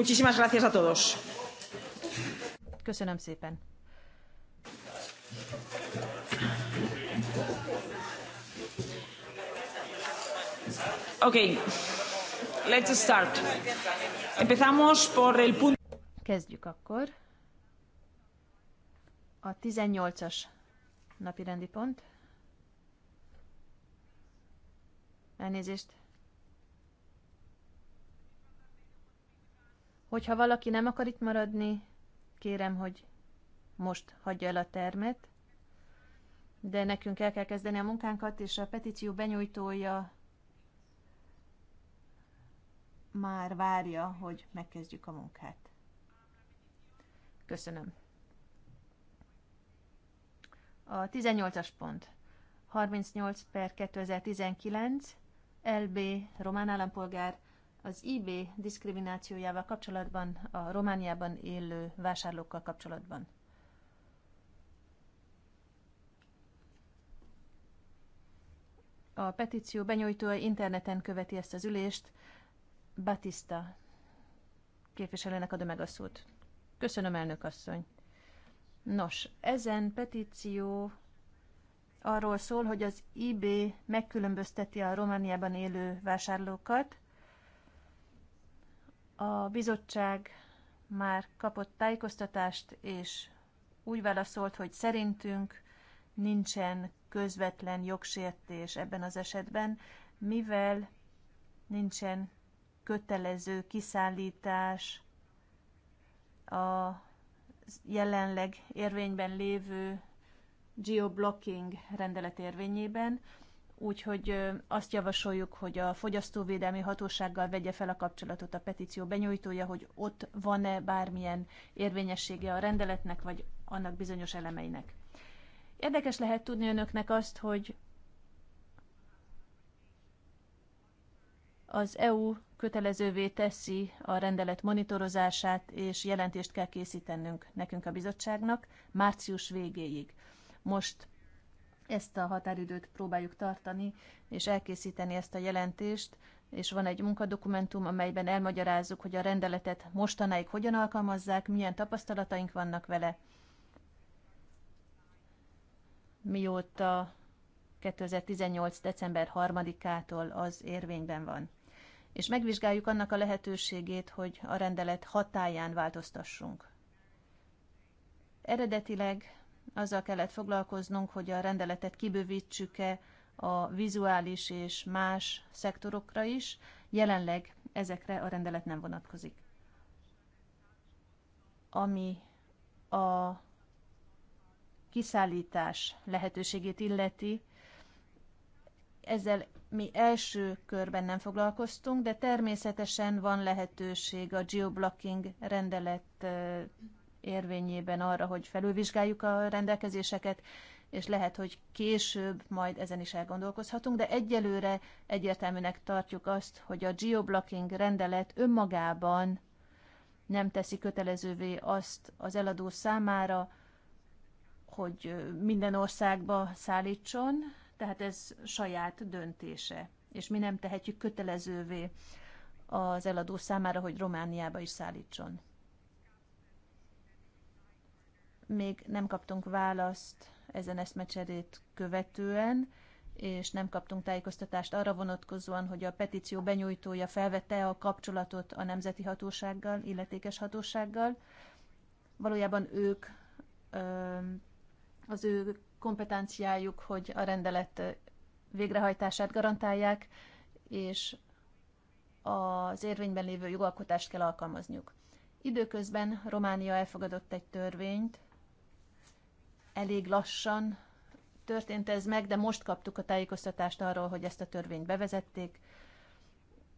Muchísimas gracias a todos. Köszönöm szépen. Ok, let's start. Empezamos por el punto... Kezdjük akkor. A 18-as napi rendi pont. Elnézést. Hogyha valaki nem akar itt maradni, kérem, hogy most hagyja el a termet, de nekünk el kell kezdeni a munkánkat, és a petíció benyújtója már várja, hogy megkezdjük a munkát. Köszönöm. A 18-as pont. 38 per 2019 LB román állampolgár az IB diszkriminációjával kapcsolatban, a Romániában élő vásárlókkal kapcsolatban. A petíció benyújtója interneten követi ezt az ülést. Batista képviselőnek adom meg a szót. Köszönöm, elnök asszony. Nos, ezen petíció arról szól, hogy az IB megkülönbözteti a Romániában élő vásárlókat, a bizottság már kapott tájékoztatást, és úgy válaszolt, hogy szerintünk nincsen közvetlen jogsértés ebben az esetben, mivel nincsen kötelező kiszállítás a jelenleg érvényben lévő geoblocking rendelet érvényében, úgyhogy azt javasoljuk, hogy a fogyasztóvédelmi hatósággal vegye fel a kapcsolatot a petíció benyújtója, hogy ott van-e bármilyen érvényessége a rendeletnek, vagy annak bizonyos elemeinek. Érdekes lehet tudni önöknek azt, hogy az EU kötelezővé teszi a rendelet monitorozását, és jelentést kell készítenünk nekünk a bizottságnak március végéig. Most ezt a határidőt próbáljuk tartani, és elkészíteni ezt a jelentést, és van egy munkadokumentum, amelyben elmagyarázzuk, hogy a rendeletet mostanáig hogyan alkalmazzák, milyen tapasztalataink vannak vele, mióta 2018. december 3-ától az érvényben van. És megvizsgáljuk annak a lehetőségét, hogy a rendelet hatáján változtassunk. Eredetileg azzal kellett foglalkoznunk, hogy a rendeletet kibővítsük-e a vizuális és más szektorokra is. Jelenleg ezekre a rendelet nem vonatkozik. Ami a kiszállítás lehetőségét illeti, ezzel mi első körben nem foglalkoztunk, de természetesen van lehetőség a geoblocking rendelet érvényében arra, hogy felülvizsgáljuk a rendelkezéseket, és lehet, hogy később majd ezen is elgondolkozhatunk, de egyelőre egyértelműnek tartjuk azt, hogy a geoblocking rendelet önmagában nem teszi kötelezővé azt az eladó számára, hogy minden országba szállítson, tehát ez saját döntése, és mi nem tehetjük kötelezővé az eladó számára, hogy Romániába is szállítson. Még nem kaptunk választ ezen eszmecserét követően, és nem kaptunk tájékoztatást arra vonatkozóan, hogy a petíció benyújtója felvette a kapcsolatot a nemzeti hatósággal, illetékes hatósággal. Valójában ők, az ő kompetenciájuk, hogy a rendelet végrehajtását garantálják, és az érvényben lévő jogalkotást kell alkalmazniuk. Időközben Románia elfogadott egy törvényt, Elég lassan történt ez meg, de most kaptuk a tájékoztatást arról, hogy ezt a törvényt bevezették.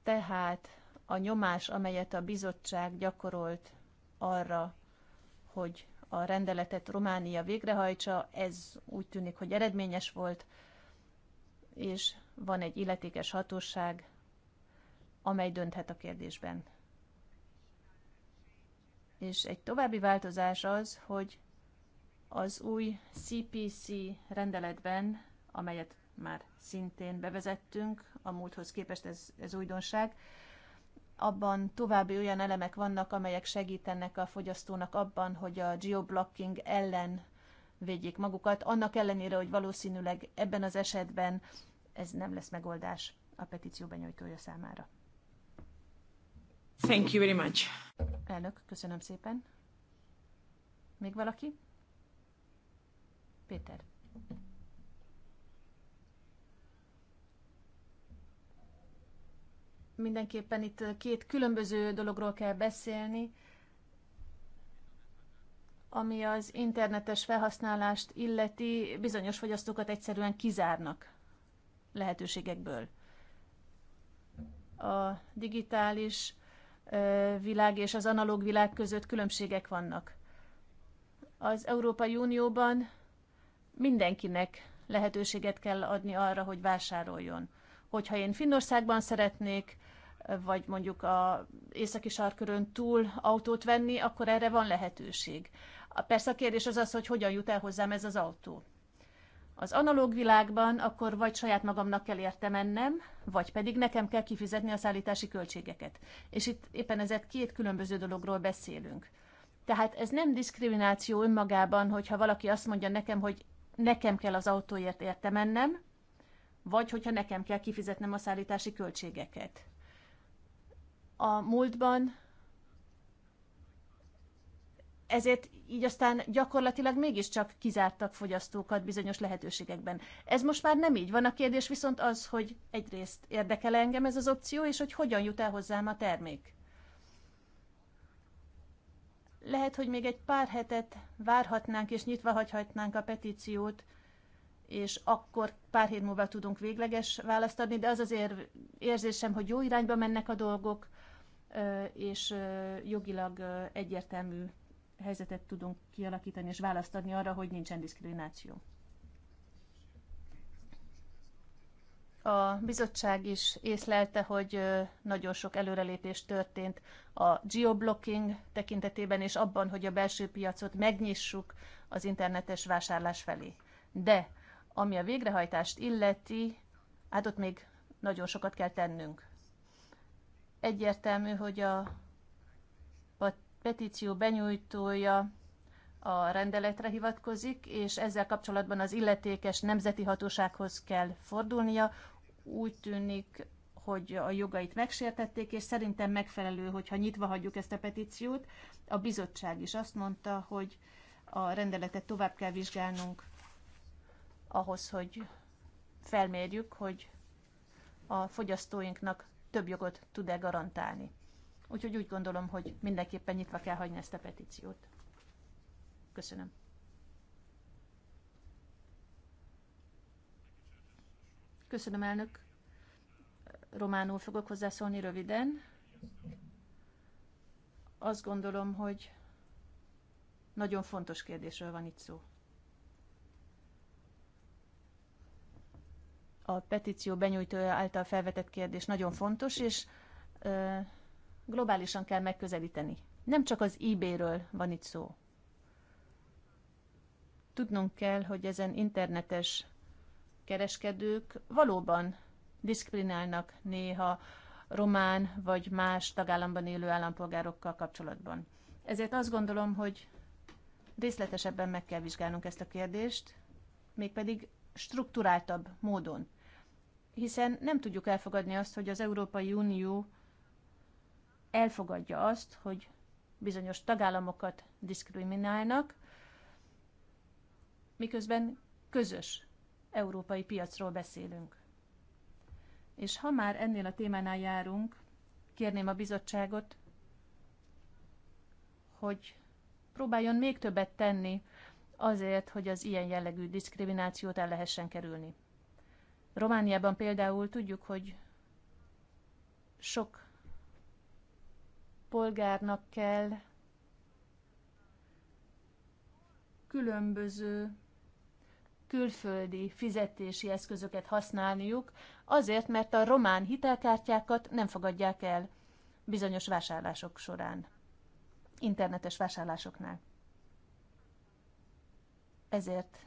Tehát a nyomás, amelyet a bizottság gyakorolt arra, hogy a rendeletet Románia végrehajtsa, ez úgy tűnik, hogy eredményes volt, és van egy illetékes hatóság, amely dönthet a kérdésben. És egy további változás az, hogy az új CPC rendeletben, amelyet már szintén bevezettünk, a múlthoz képest ez, ez újdonság, abban további olyan elemek vannak, amelyek segítenek a fogyasztónak abban, hogy a geoblocking ellen védjék magukat, annak ellenére, hogy valószínűleg ebben az esetben ez nem lesz megoldás a petíció benyújtója számára. Thank you very much. Elnök, köszönöm szépen. Még valaki? Péter. Mindenképpen itt két különböző dologról kell beszélni, ami az internetes felhasználást illeti, bizonyos fogyasztókat egyszerűen kizárnak lehetőségekből. A digitális világ és az analóg világ között különbségek vannak. Az Európai Unióban mindenkinek lehetőséget kell adni arra, hogy vásároljon. Hogyha én Finnországban szeretnék, vagy mondjuk a északi sarkörön túl autót venni, akkor erre van lehetőség. Persze a kérdés az az, hogy hogyan jut el hozzám ez az autó. Az analóg világban akkor vagy saját magamnak kell érte mennem, vagy pedig nekem kell kifizetni a szállítási költségeket. És itt éppen ezért két különböző dologról beszélünk. Tehát ez nem diszkrimináció önmagában, hogyha valaki azt mondja nekem, hogy nekem kell az autóért érte mennem, vagy hogyha nekem kell kifizetnem a szállítási költségeket. A múltban ezért így aztán gyakorlatilag mégiscsak kizártak fogyasztókat bizonyos lehetőségekben. Ez most már nem így van. A kérdés viszont az, hogy egyrészt érdekel engem ez az opció, és hogy hogyan jut el hozzám a termék. Lehet, hogy még egy pár hetet várhatnánk és nyitva hagyhatnánk a petíciót, és akkor pár hét múlva tudunk végleges választ adni, de az azért érzésem, hogy jó irányba mennek a dolgok, és jogilag egyértelmű helyzetet tudunk kialakítani és választ adni arra, hogy nincsen diszkrimináció. A bizottság is észlelte, hogy nagyon sok előrelépés történt a geoblocking tekintetében, és abban, hogy a belső piacot megnyissuk az internetes vásárlás felé. De ami a végrehajtást illeti, hát ott még nagyon sokat kell tennünk. Egyértelmű, hogy a petíció benyújtója a rendeletre hivatkozik, és ezzel kapcsolatban az illetékes nemzeti hatósághoz kell fordulnia. Úgy tűnik, hogy a jogait megsértették, és szerintem megfelelő, hogyha nyitva hagyjuk ezt a petíciót. A bizottság is azt mondta, hogy a rendeletet tovább kell vizsgálnunk ahhoz, hogy felmérjük, hogy a fogyasztóinknak több jogot tud-e garantálni. Úgyhogy úgy gondolom, hogy mindenképpen nyitva kell hagyni ezt a petíciót. Köszönöm. Köszönöm, elnök. Románul fogok hozzászólni röviden. Azt gondolom, hogy nagyon fontos kérdésről van itt szó. A petíció benyújtója által felvetett kérdés nagyon fontos, és ö, globálisan kell megközelíteni. Nem csak az IB-ről van itt szó. Tudnunk kell, hogy ezen internetes kereskedők valóban diszkriminálnak néha román vagy más tagállamban élő állampolgárokkal kapcsolatban. Ezért azt gondolom, hogy részletesebben meg kell vizsgálnunk ezt a kérdést, mégpedig struktúráltabb módon. Hiszen nem tudjuk elfogadni azt, hogy az Európai Unió elfogadja azt, hogy bizonyos tagállamokat diszkriminálnak, miközben közös európai piacról beszélünk. És ha már ennél a témánál járunk, kérném a bizottságot, hogy próbáljon még többet tenni azért, hogy az ilyen jellegű diszkriminációt el lehessen kerülni. Romániában például tudjuk, hogy sok polgárnak kell különböző külföldi fizetési eszközöket használniuk, azért, mert a román hitelkártyákat nem fogadják el bizonyos vásárlások során, internetes vásárlásoknál. Ezért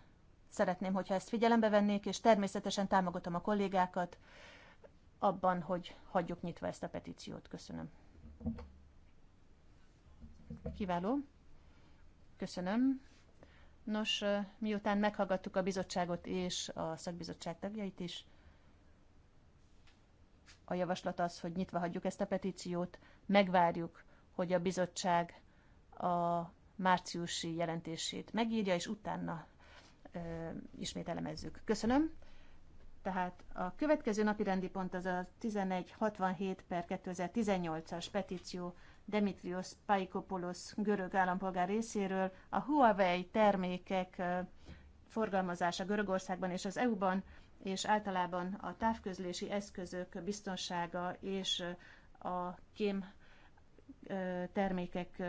szeretném, hogyha ezt figyelembe vennék, és természetesen támogatom a kollégákat abban, hogy hagyjuk nyitva ezt a petíciót. Köszönöm. Kiváló. Köszönöm. Nos, miután meghallgattuk a bizottságot és a szakbizottság tagjait is, a javaslat az, hogy nyitva hagyjuk ezt a petíciót, megvárjuk, hogy a bizottság a márciusi jelentését megírja, és utána ö, ismét elemezzük. Köszönöm. Tehát a következő napi rendi pont az a 1167 per 2018-as petíció Demetrios Paikopoulos görög állampolgár részéről a Huawei termékek forgalmazása Görögországban és az EU-ban, és általában a távközlési eszközök biztonsága és a kém termékek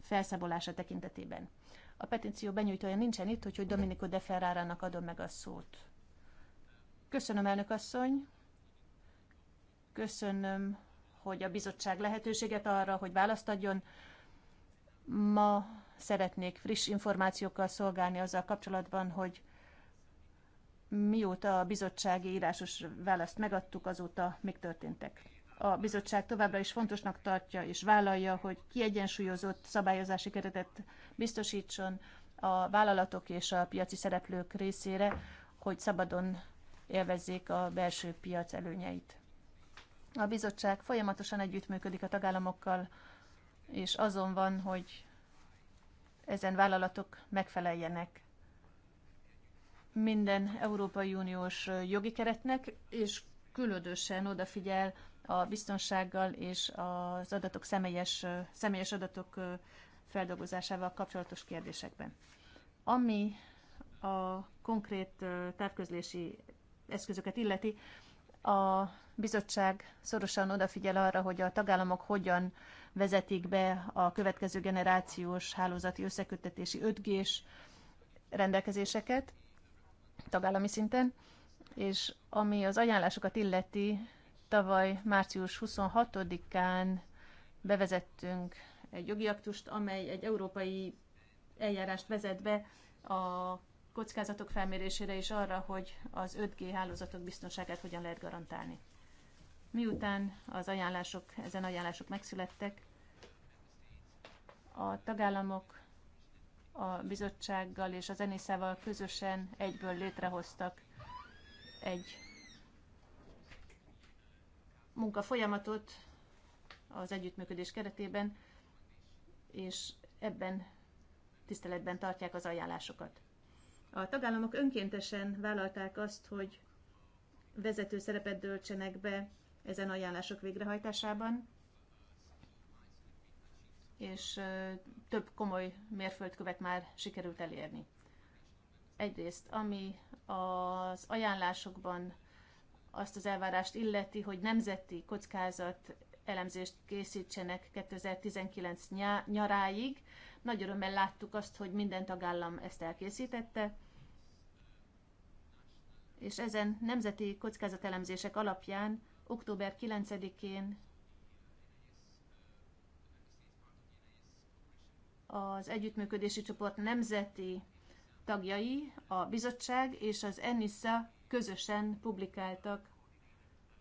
felszabolása tekintetében. A petíció benyújtója nincsen itt, úgyhogy Dominico de Ferrara-nak adom meg a szót. Köszönöm, elnök asszony! Köszönöm hogy a bizottság lehetőséget arra, hogy választ adjon. Ma szeretnék friss információkkal szolgálni azzal kapcsolatban, hogy mióta a bizottsági írásos választ megadtuk, azóta mik történtek. A bizottság továbbra is fontosnak tartja és vállalja, hogy kiegyensúlyozott szabályozási keretet biztosítson a vállalatok és a piaci szereplők részére, hogy szabadon élvezzék a belső piac előnyeit. A bizottság folyamatosan együttműködik a tagállamokkal, és azon van, hogy ezen vállalatok megfeleljenek minden Európai Uniós jogi keretnek, és különösen odafigyel a biztonsággal és az adatok személyes, személyes adatok feldolgozásával kapcsolatos kérdésekben. Ami a konkrét távközlési eszközöket illeti, a bizottság szorosan odafigyel arra, hogy a tagállamok hogyan vezetik be a következő generációs hálózati összeköttetési 5G-s rendelkezéseket tagállami szinten, és ami az ajánlásokat illeti, tavaly március 26-án bevezettünk egy jogi aktust, amely egy európai eljárást vezet be a kockázatok felmérésére és arra, hogy az 5G hálózatok biztonságát hogyan lehet garantálni. Miután az ajánlások, ezen ajánlások megszülettek, a tagállamok a bizottsággal és az enészával közösen egyből létrehoztak egy munkafolyamatot az együttműködés keretében, és ebben tiszteletben tartják az ajánlásokat. A tagállamok önkéntesen vállalták azt, hogy vezető szerepet döltsenek be ezen ajánlások végrehajtásában, és több komoly mérföldkövet már sikerült elérni. Egyrészt, ami az ajánlásokban azt az elvárást illeti, hogy nemzeti kockázat elemzést készítsenek 2019 nyaráig. Nagy örömmel láttuk azt, hogy minden tagállam ezt elkészítette, és ezen nemzeti kockázatelemzések alapján október 9-én az együttműködési csoport nemzeti tagjai, a bizottság és az ENISA közösen publikáltak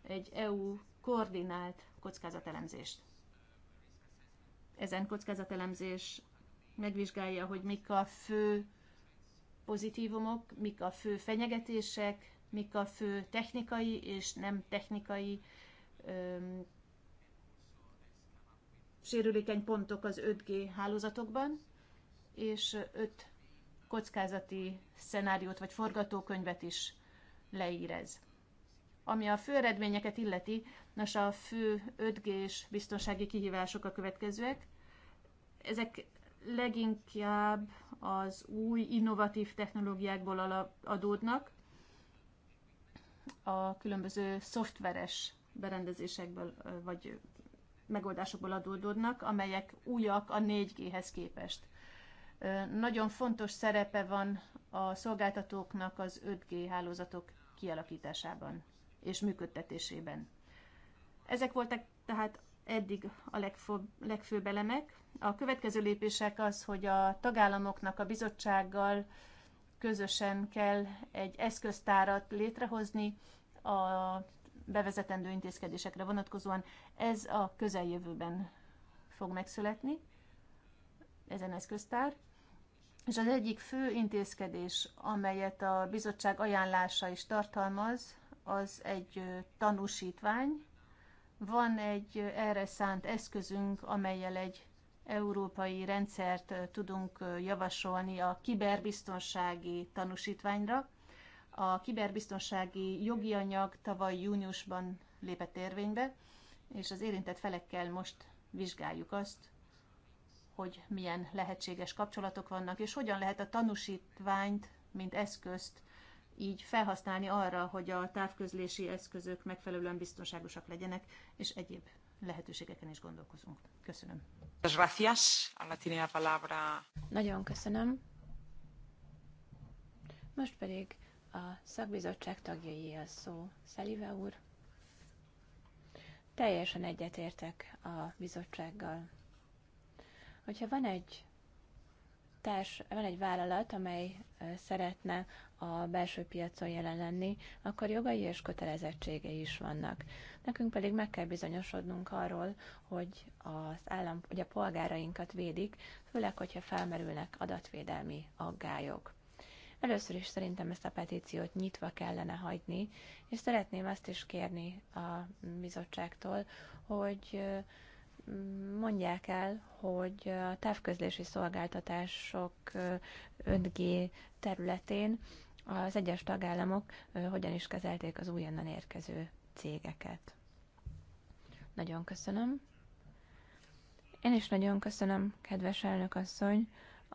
egy EU koordinált kockázatelemzést. Ezen kockázatelemzés megvizsgálja, hogy mik a fő pozitívumok, mik a fő fenyegetések, mik a fő technikai és nem technikai öm, sérülékeny pontok az 5G hálózatokban, és 5 kockázati szenáriót vagy forgatókönyvet is leírez. Ami a fő eredményeket illeti, nos a fő 5G-s biztonsági kihívások a következőek. Ezek leginkább az új innovatív technológiákból adódnak, a különböző szoftveres berendezésekből vagy megoldásokból adódódnak, amelyek újak a 4G-hez képest. Nagyon fontos szerepe van a szolgáltatóknak az 5G hálózatok kialakításában és működtetésében. Ezek voltak tehát eddig a legfőbb, legfőbb elemek. A következő lépések az, hogy a tagállamoknak a bizottsággal közösen kell egy eszköztárat létrehozni, a bevezetendő intézkedésekre vonatkozóan. Ez a közeljövőben fog megszületni, ezen eszköztár. És az egyik fő intézkedés, amelyet a bizottság ajánlása is tartalmaz, az egy tanúsítvány. Van egy erre szánt eszközünk, amelyel egy európai rendszert tudunk javasolni a kiberbiztonsági tanúsítványra. A kiberbiztonsági jogi anyag tavaly júniusban lépett érvénybe, és az érintett felekkel most vizsgáljuk azt, hogy milyen lehetséges kapcsolatok vannak, és hogyan lehet a tanúsítványt, mint eszközt így felhasználni arra, hogy a távközlési eszközök megfelelően biztonságosak legyenek, és egyéb lehetőségeken is gondolkozunk. Köszönöm. Gracias. Ahora la palabra. Nagyon köszönöm. Most pedig a szakbizottság tagjai a szó. Szelive úr, teljesen egyetértek a bizottsággal. Hogyha van egy társ, van egy vállalat, amely szeretne a belső piacon jelen lenni, akkor jogai és kötelezettségei is vannak. Nekünk pedig meg kell bizonyosodnunk arról, hogy az állam, hogy a polgárainkat védik, főleg, hogyha felmerülnek adatvédelmi aggályok. Először is szerintem ezt a petíciót nyitva kellene hagyni, és szeretném azt is kérni a bizottságtól, hogy mondják el, hogy a távközlési szolgáltatások 5G területén az egyes tagállamok hogyan is kezelték az újonnan érkező cégeket. Nagyon köszönöm. Én is nagyon köszönöm, kedves elnök asszony.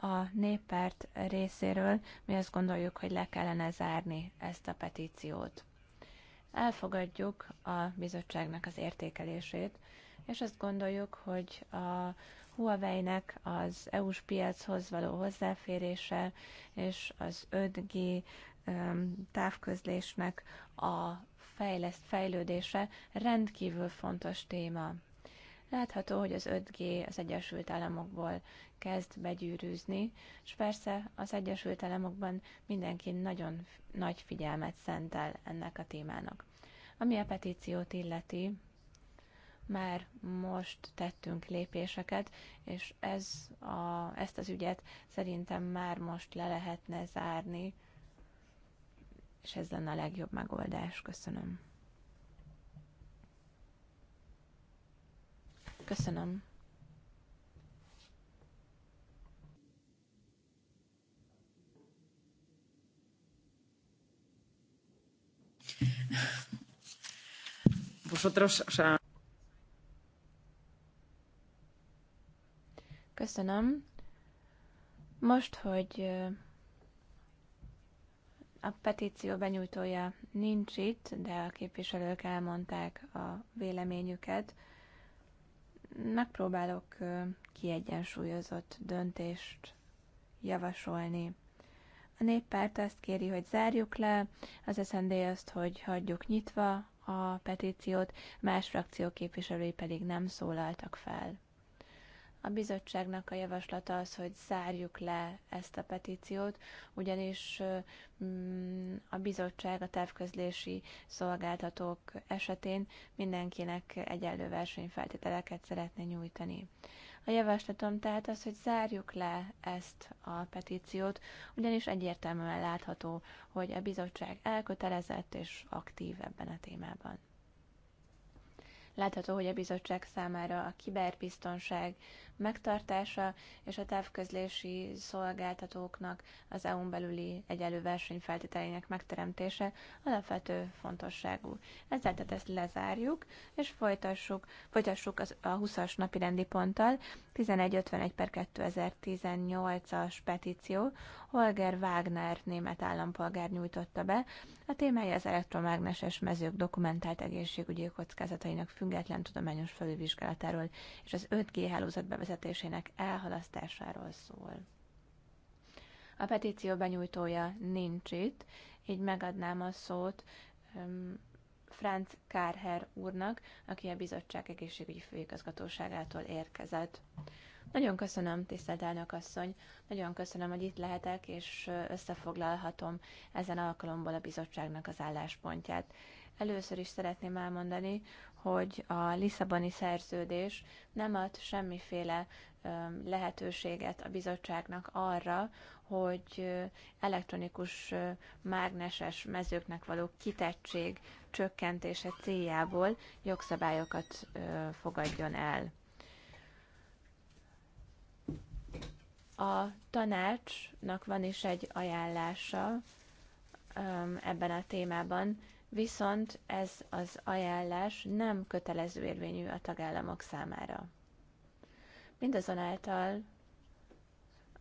A néppárt részéről mi azt gondoljuk, hogy le kellene zárni ezt a petíciót. Elfogadjuk a bizottságnak az értékelését, és azt gondoljuk, hogy a Huawei-nek az EU-s piachoz való hozzáférése és az 5G távközlésnek a fejleszt fejlődése rendkívül fontos téma. Látható, hogy az 5G az Egyesült Államokból kezd begyűrűzni, és persze az Egyesült Államokban mindenki nagyon nagy figyelmet szentel ennek a témának. Ami a petíciót illeti, már most tettünk lépéseket, és ez a, ezt az ügyet szerintem már most le lehetne zárni, és ez lenne a legjobb megoldás. Köszönöm. Köszönöm. Vosotros, o sea... Köszönöm. Most, hogy a petíció benyújtója nincs itt, de a képviselők elmondták a véleményüket, megpróbálok kiegyensúlyozott döntést javasolni. A néppárt azt kéri, hogy zárjuk le, az SND azt, hogy hagyjuk nyitva a petíciót, más frakció képviselői pedig nem szólaltak fel. A bizottságnak a javaslata az, hogy zárjuk le ezt a petíciót, ugyanis mm, a bizottság a távközlési szolgáltatók esetén mindenkinek egyenlő versenyfeltételeket szeretne nyújtani. A javaslatom tehát az, hogy zárjuk le ezt a petíciót, ugyanis egyértelműen látható, hogy a bizottság elkötelezett és aktív ebben a témában. Látható, hogy a bizottság számára a kiberbiztonság megtartása és a távközlési szolgáltatóknak az EU-n belüli egyenlő versenyfeltételének megteremtése alapvető fontosságú. Ezzel tehát ezt lezárjuk, és folytassuk, folytassuk az, a 20-as napi rendi ponttal, 1151 per 2018-as petíció Holger Wagner német állampolgár nyújtotta be. A témája az elektromágneses mezők dokumentált egészségügyi kockázatainak független tudományos felülvizsgálatáról és az 5G hálózat bevezetésének elhalasztásáról szól. A petíció benyújtója nincs itt, így megadnám a szót Franz Kárher úrnak, aki a bizottság egészségügyi főigazgatóságától érkezett. Nagyon köszönöm, tisztelt elnök asszony, nagyon köszönöm, hogy itt lehetek, és összefoglalhatom ezen alkalomból a bizottságnak az álláspontját. Először is szeretném elmondani, hogy a Lisszaboni szerződés nem ad semmiféle lehetőséget a bizottságnak arra, hogy elektronikus mágneses mezőknek való kitettség csökkentése céljából jogszabályokat fogadjon el. A tanácsnak van is egy ajánlása ebben a témában, viszont ez az ajánlás nem kötelező érvényű a tagállamok számára. Mindazonáltal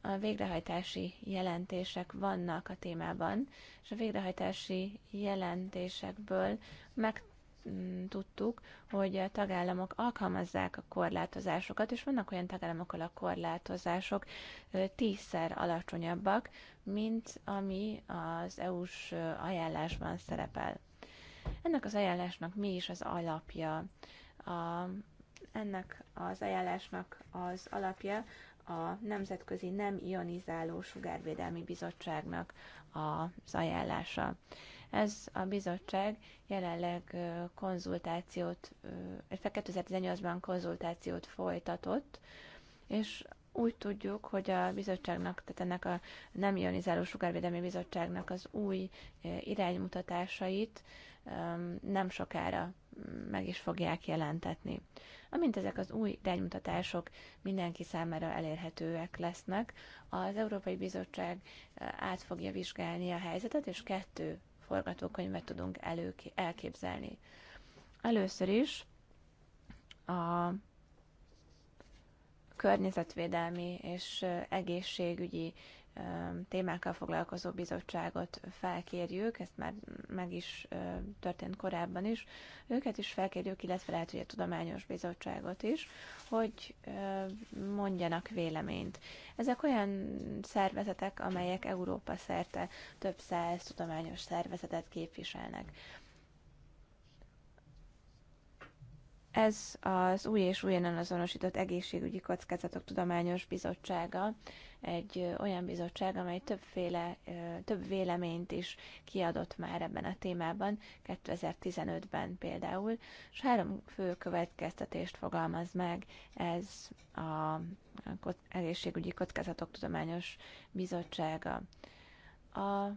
a végrehajtási jelentések vannak a témában, és a végrehajtási jelentésekből meg mm, tudtuk, hogy a tagállamok alkalmazzák a korlátozásokat, és vannak olyan tagállamok, ahol a korlátozások tízszer alacsonyabbak, mint ami az EU-s ajánlásban szerepel. Ennek az ajánlásnak mi is az alapja? A, ennek az ajánlásnak az alapja a Nemzetközi Nem Ionizáló Sugárvédelmi Bizottságnak az ajánlása. Ez a bizottság jelenleg konzultációt, 2018-ban konzultációt folytatott, és úgy tudjuk, hogy a bizottságnak, tehát ennek a nem ionizáló sugárvédelmi bizottságnak az új iránymutatásait nem sokára meg is fogják jelentetni amint ezek az új iránymutatások mindenki számára elérhetőek lesznek, az Európai Bizottság eh, át fogja vizsgálni a helyzetet, és kettő forgatókönyvet tudunk elő, elképzelni. Először is a környezetvédelmi és eh, egészségügyi Um, témákkal foglalkozó bizottságot felkérjük, ezt már meg is történt korábban is, őket is felkérjük, illetve lehet, hogy a tudományos bizottságot is, hogy mondjanak véleményt. Ezek olyan szervezetek, amelyek Európa szerte több száz tudományos szervezetet képviselnek. Ez az új és újonnan azonosított egészségügyi kockázatok tudományos bizottsága, egy olyan bizottság, amely többféle, több véleményt is kiadott már ebben a témában, 2015-ben például, és három fő következtetést fogalmaz meg ez a egészségügyi kockázatok tudományos bizottsága. A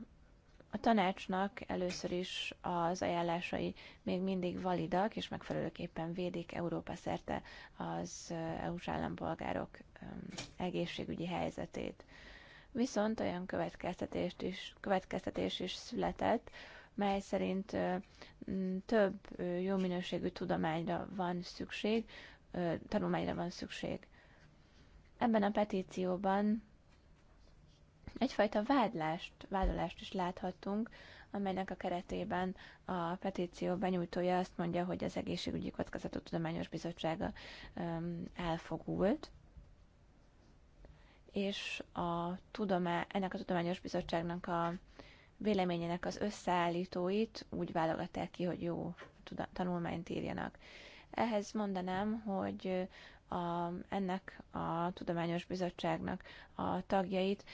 a tanácsnak először is az ajánlásai még mindig validak, és megfelelőképpen védik Európa szerte az eh, EU-s állampolgárok egészségügyi helyzetét. Viszont olyan következtetést is, következtetés is született, mely szerint eh, több eh, jó minőségű tudományra van szükség, tanulmányra van szükség. Ebben a petícióban egyfajta vádlást, vádolást is láthattunk, amelynek a keretében a petíció benyújtója azt mondja, hogy az Egészségügyi Kockázatok Tudományos Bizottsága elfogult, és a tudomá- ennek a tudományos bizottságnak a véleményének az összeállítóit úgy válogatták ki, hogy jó tanulmányt írjanak. Ehhez mondanám, hogy a, ennek a tudományos bizottságnak a tagjait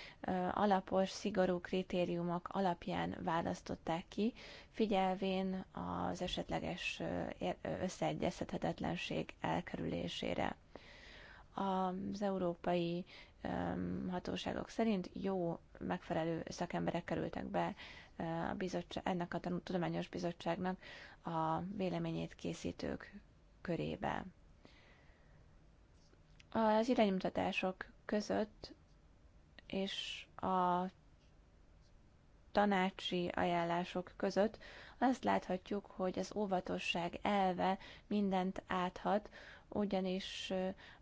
alapos, szigorú kritériumok alapján választották ki, figyelvén az esetleges összeegyezhetetlenség elkerülésére. Az európai hatóságok szerint jó, megfelelő szakemberek kerültek be a bizottság, ennek a tudományos bizottságnak a véleményét készítők körébe. Az iránymutatások között és a tanácsi ajánlások között azt láthatjuk, hogy az óvatosság elve mindent áthat, ugyanis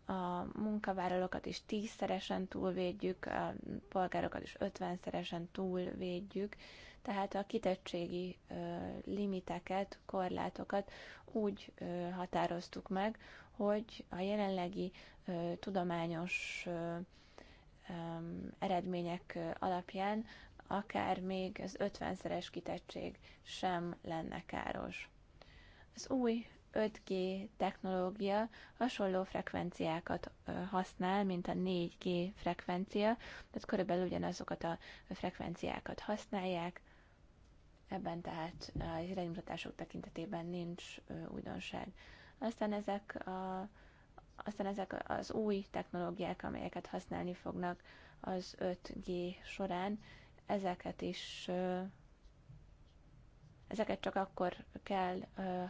a munkavállalókat is tízszeresen túlvédjük, a polgárokat is ötvenszeresen túlvédjük, tehát a kitettségi limiteket, korlátokat úgy határoztuk meg, hogy a jelenlegi ö, tudományos ö, ö, eredmények alapján akár még az 50-szeres kitettség sem lenne káros. Az új 5G technológia hasonló frekvenciákat használ, mint a 4G frekvencia, tehát körülbelül ugyanazokat a frekvenciákat használják, ebben tehát az iránymutatások tekintetében nincs újdonság aztán ezek, a, aztán ezek az új technológiák, amelyeket használni fognak az 5G során, ezeket is ezeket csak akkor kell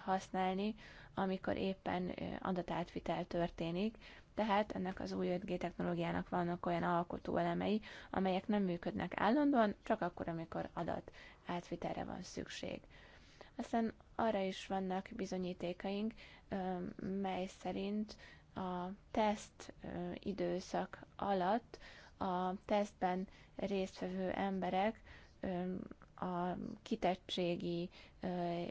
használni, amikor éppen adatátvitel történik, tehát ennek az új 5G technológiának vannak olyan alkotó elemei, amelyek nem működnek állandóan, csak akkor, amikor adat átvitelre van szükség. Aztán arra is vannak bizonyítékaink, mely szerint a teszt időszak alatt a tesztben résztvevő emberek a kitettségi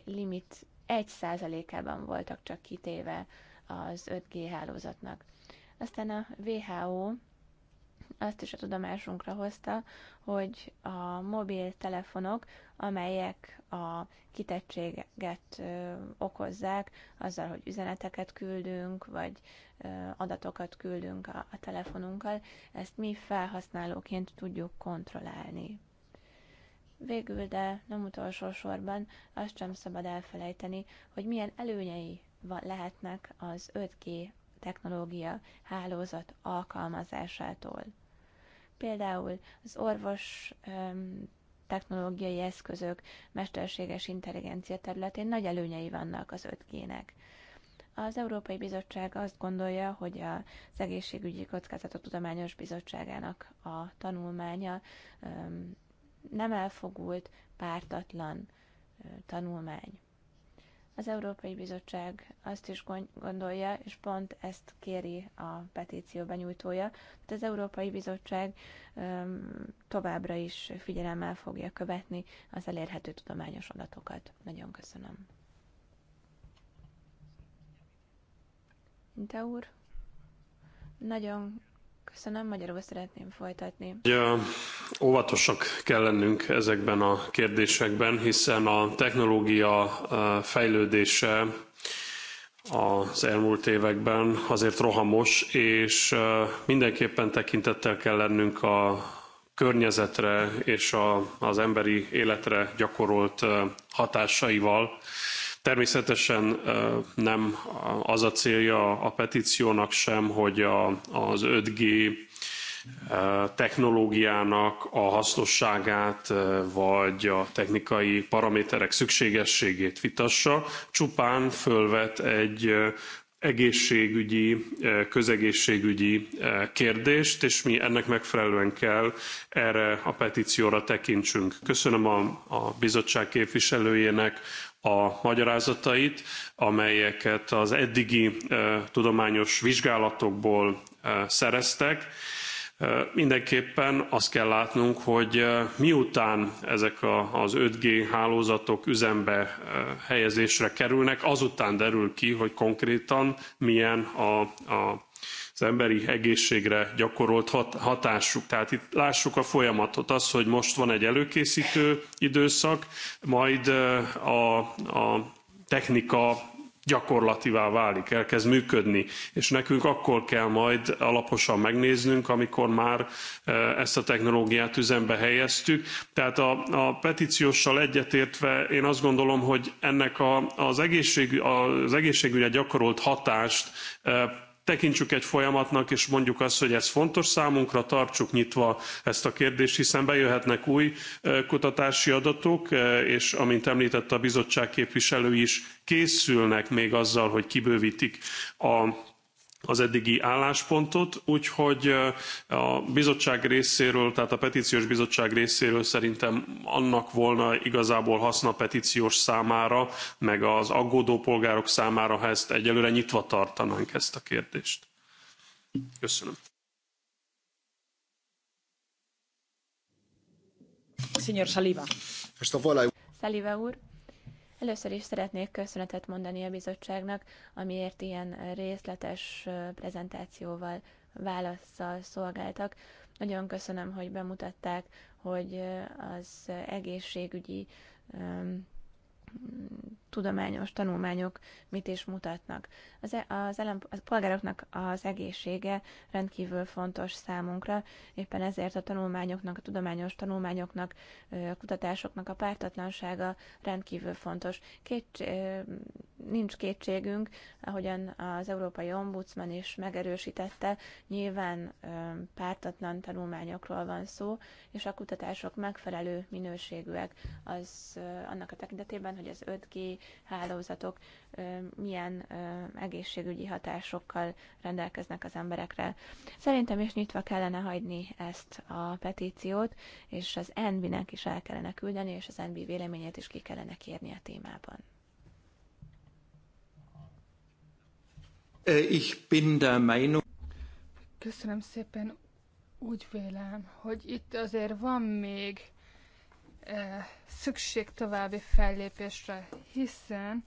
limit 1%-ában voltak csak kitéve az 5G hálózatnak. Aztán a WHO azt is a tudomásunkra hozta, hogy a mobiltelefonok, amelyek a kitettséget okozzák, azzal, hogy üzeneteket küldünk, vagy adatokat küldünk a, a telefonunkkal, ezt mi felhasználóként tudjuk kontrollálni. Végül, de nem utolsó sorban azt sem szabad elfelejteni, hogy milyen előnyei lehetnek az 5G technológia hálózat alkalmazásától. Például az orvos technológiai eszközök, mesterséges intelligencia területén nagy előnyei vannak az 5G-nek. Az Európai Bizottság azt gondolja, hogy az Egészségügyi Kockázatok Tudományos Bizottságának a tanulmánya nem elfogult, pártatlan tanulmány. Az Európai Bizottság azt is gondolja, és pont ezt kéri a petíció benyújtója, hogy az Európai Bizottság továbbra is figyelemmel fogja követni az elérhető tudományos adatokat. Nagyon köszönöm. Inte úr, nagyon Köszönöm, magyarul szeretném folytatni. Ja, óvatosak kell lennünk ezekben a kérdésekben, hiszen a technológia fejlődése az elmúlt években azért rohamos, és mindenképpen tekintettel kell lennünk a környezetre és a, az emberi életre gyakorolt hatásaival Természetesen nem az a célja a petíciónak sem, hogy a, az 5G technológiának a hasznosságát vagy a technikai paraméterek szükségességét vitassa, csupán fölvet egy egészségügyi, közegészségügyi kérdést, és mi ennek megfelelően kell erre a petícióra tekintsünk. Köszönöm a, a bizottság képviselőjének a magyarázatait, amelyeket az eddigi tudományos vizsgálatokból szereztek. Mindenképpen azt kell látnunk, hogy miután ezek az 5G hálózatok üzembe helyezésre kerülnek, azután derül ki, hogy konkrétan milyen a, a az emberi egészségre gyakorolt hat, hatásuk. Tehát itt lássuk a folyamatot, az, hogy most van egy előkészítő időszak, majd a, a technika gyakorlativá válik, elkezd működni, és nekünk akkor kell majd alaposan megnéznünk, amikor már ezt a technológiát üzembe helyeztük. Tehát a, a petíciossal egyetértve én azt gondolom, hogy ennek a, az, egészség, az egészségügyre gyakorolt hatást tekintsük egy folyamatnak, és mondjuk azt, hogy ez fontos számunkra, tartsuk nyitva ezt a kérdést, hiszen bejöhetnek új kutatási adatok, és amint említette a bizottság képviselő is, készülnek még azzal, hogy kibővítik a az eddigi álláspontot, úgyhogy a bizottság részéről, tehát a petíciós bizottság részéről szerintem annak volna igazából haszna petíciós számára, meg az aggódó polgárok számára, ha ezt egyelőre nyitva tartanánk ezt a kérdést. Köszönöm. Señor Saliba. Saliba úr. Először is szeretnék köszönetet mondani a bizottságnak, amiért ilyen részletes prezentációval, válaszsal szolgáltak. Nagyon köszönöm, hogy bemutatták, hogy az egészségügyi tudományos tanulmányok mit is mutatnak. Az, e- az, ellen, az polgároknak az egészsége rendkívül fontos számunkra, éppen ezért a tanulmányoknak, a tudományos tanulmányoknak, a kutatásoknak a pártatlansága rendkívül fontos. Két, nincs kétségünk, ahogyan az Európai Ombudsman is megerősítette, nyilván pártatlan tanulmányokról van szó, és a kutatások megfelelő minőségűek az annak a tekintetében, hogy az 5G hálózatok milyen egészségügyi hatásokkal rendelkeznek az emberekre. Szerintem is nyitva kellene hagyni ezt a petíciót, és az NB-nek is el kellene küldeni, és az NB véleményét is ki kellene kérni a témában. Ich bin der Meinung. Köszönöm szépen. Úgy vélem, hogy itt azért van még szükség további fellépésre, hiszen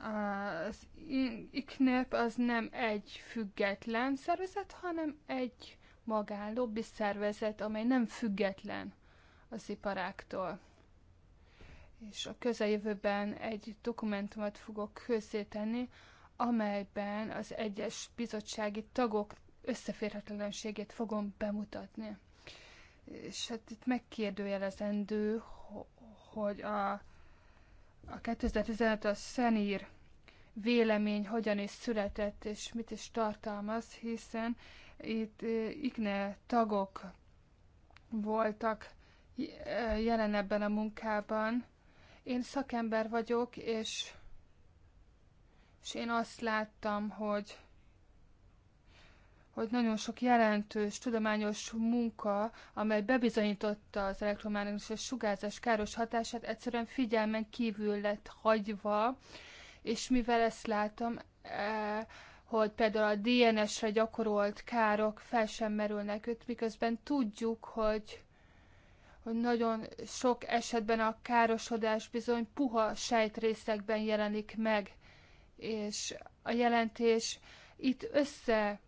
az IKNEP az nem egy független szervezet, hanem egy magánlobbi szervezet, amely nem független az iparáktól. És a közeljövőben egy dokumentumot fogok közzétenni, amelyben az egyes bizottsági tagok összeférhetetlenségét fogom bemutatni és hát itt megkérdőjelezendő, hogy a, a 2015 a szenír vélemény hogyan is született, és mit is tartalmaz, hiszen itt eh, ikne tagok voltak eh, jelen ebben a munkában. Én szakember vagyok, és, és én azt láttam, hogy hogy nagyon sok jelentős tudományos munka, amely bebizonyította az elektromágneses sugárzás káros hatását, egyszerűen figyelmen kívül lett hagyva, és mivel ezt látom, e, hogy például a DNS-re gyakorolt károk fel sem merülnek őt, miközben tudjuk, hogy, hogy nagyon sok esetben a károsodás bizony puha sejtrészekben jelenik meg, és a jelentés itt össze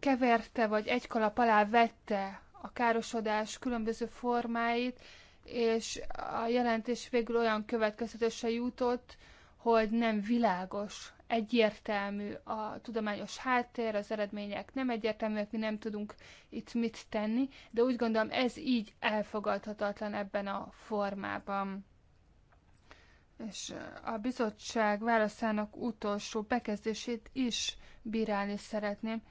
keverte vagy egy kalap alá vette a károsodás különböző formáit, és a jelentés végül olyan következetesen jutott, hogy nem világos, egyértelmű a tudományos háttér, az eredmények nem egyértelműek, mi nem tudunk itt mit tenni, de úgy gondolom ez így elfogadhatatlan ebben a formában. És a bizottság válaszának utolsó bekezdését is bírálni szeretném.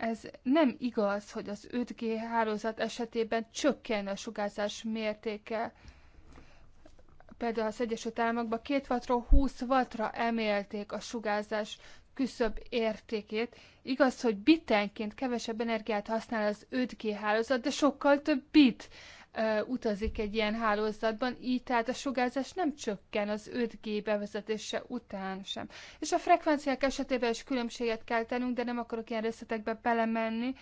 Ez nem igaz, hogy az 5G hálózat esetében csökken a sugárzás mértéke. Például az Egyesült Államokban 2 wattról 20 wattra emelték a sugárzás küszöbb értékét. Igaz, hogy bitenként kevesebb energiát használ az 5G hálózat, de sokkal több bit utazik egy ilyen hálózatban, így tehát a sugárzás nem csökken az 5G bevezetése után sem. És a frekvenciák esetében is különbséget kell tennünk, de nem akarok ilyen részletekbe belemenni,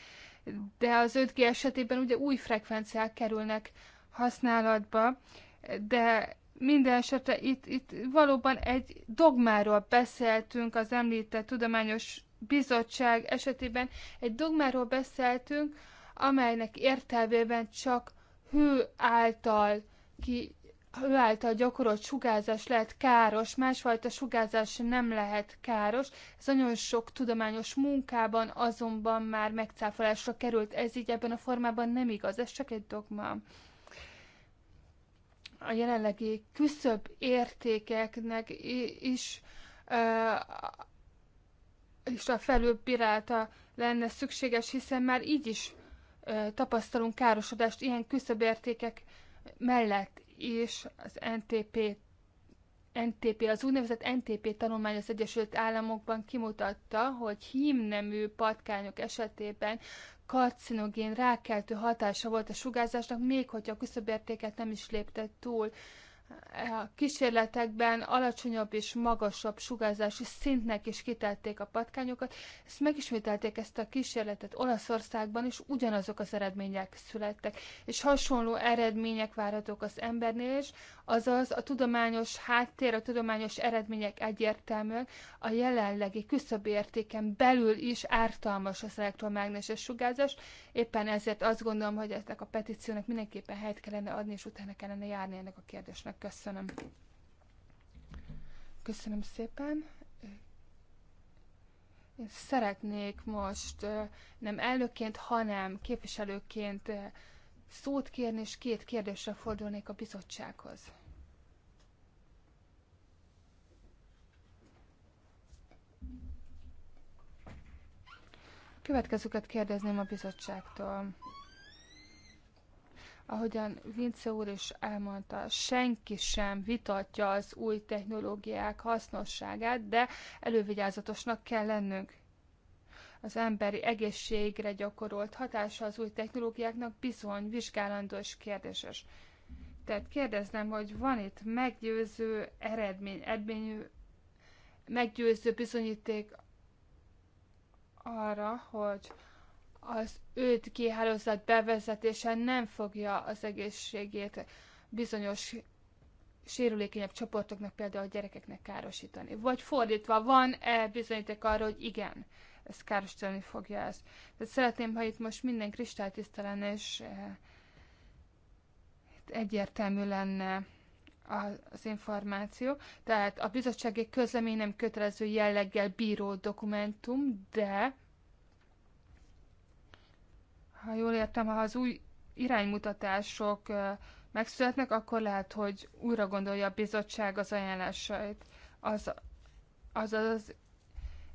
de az 5G esetében ugye új frekvenciák kerülnek használatba, de minden esetre itt, itt valóban egy dogmáról beszéltünk az említett tudományos bizottság esetében, egy dogmáról beszéltünk, amelynek értelmében csak hő által ki, hő által gyakorolt sugárzás lehet káros, másfajta sugárzás nem lehet káros. Ez nagyon sok tudományos munkában azonban már megcáfolásra került, ez így ebben a formában nem igaz, ez csak egy dogma. A jelenlegi küszöbb értékeknek is és a felülbírálta lenne szükséges, hiszen már így is tapasztalunk károsodást ilyen küszöbértékek mellett és az NTP, NTP, az úgynevezett NTP tanulmány az Egyesült Államokban kimutatta, hogy hímnemű patkányok esetében karcinogén rákeltő hatása volt a sugárzásnak, még hogyha a küszöbértéket nem is lépte túl a kísérletekben alacsonyabb és magasabb sugárzási szintnek is kitelték a patkányokat. Ezt megismételték ezt a kísérletet Olaszországban, és ugyanazok az eredmények születtek. És hasonló eredmények várhatók az embernél is, azaz a tudományos háttér, a tudományos eredmények egyértelműen a jelenlegi küszöbértéken belül is ártalmas az elektromágneses sugárzás, Éppen ezért azt gondolom, hogy ezek a petíciónak mindenképpen helyt kellene adni, és utána kellene járni ennek a kérdésnek. Köszönöm. Köszönöm szépen. Én szeretnék most nem elnökként, hanem képviselőként szót kérni, és két kérdésre fordulnék a bizottsághoz. Következőket kérdezném a bizottságtól. Ahogyan Vince úr is elmondta, senki sem vitatja az új technológiák hasznosságát, de elővigyázatosnak kell lennünk. Az emberi egészségre gyakorolt hatása az új technológiáknak bizony vizsgálandó és kérdéses. Tehát kérdeznem, hogy van itt meggyőző eredmény, eredményű, meggyőző bizonyíték arra, hogy az 5G hálózat bevezetése nem fogja az egészségét bizonyos sérülékenyebb csoportoknak, például a gyerekeknek károsítani. Vagy fordítva, van-e bizonyíték arra, hogy igen, ez károsítani fogja ezt. Tehát szeretném, ha itt most minden kristálytiszta lenne, és eh, egyértelmű lenne az információ. Tehát a bizottsági közlemény nem kötelező jelleggel bíró dokumentum, de ha jól értem, ha az új iránymutatások megszületnek, akkor lehet, hogy újra gondolja a bizottság az ajánlásait. Az az, az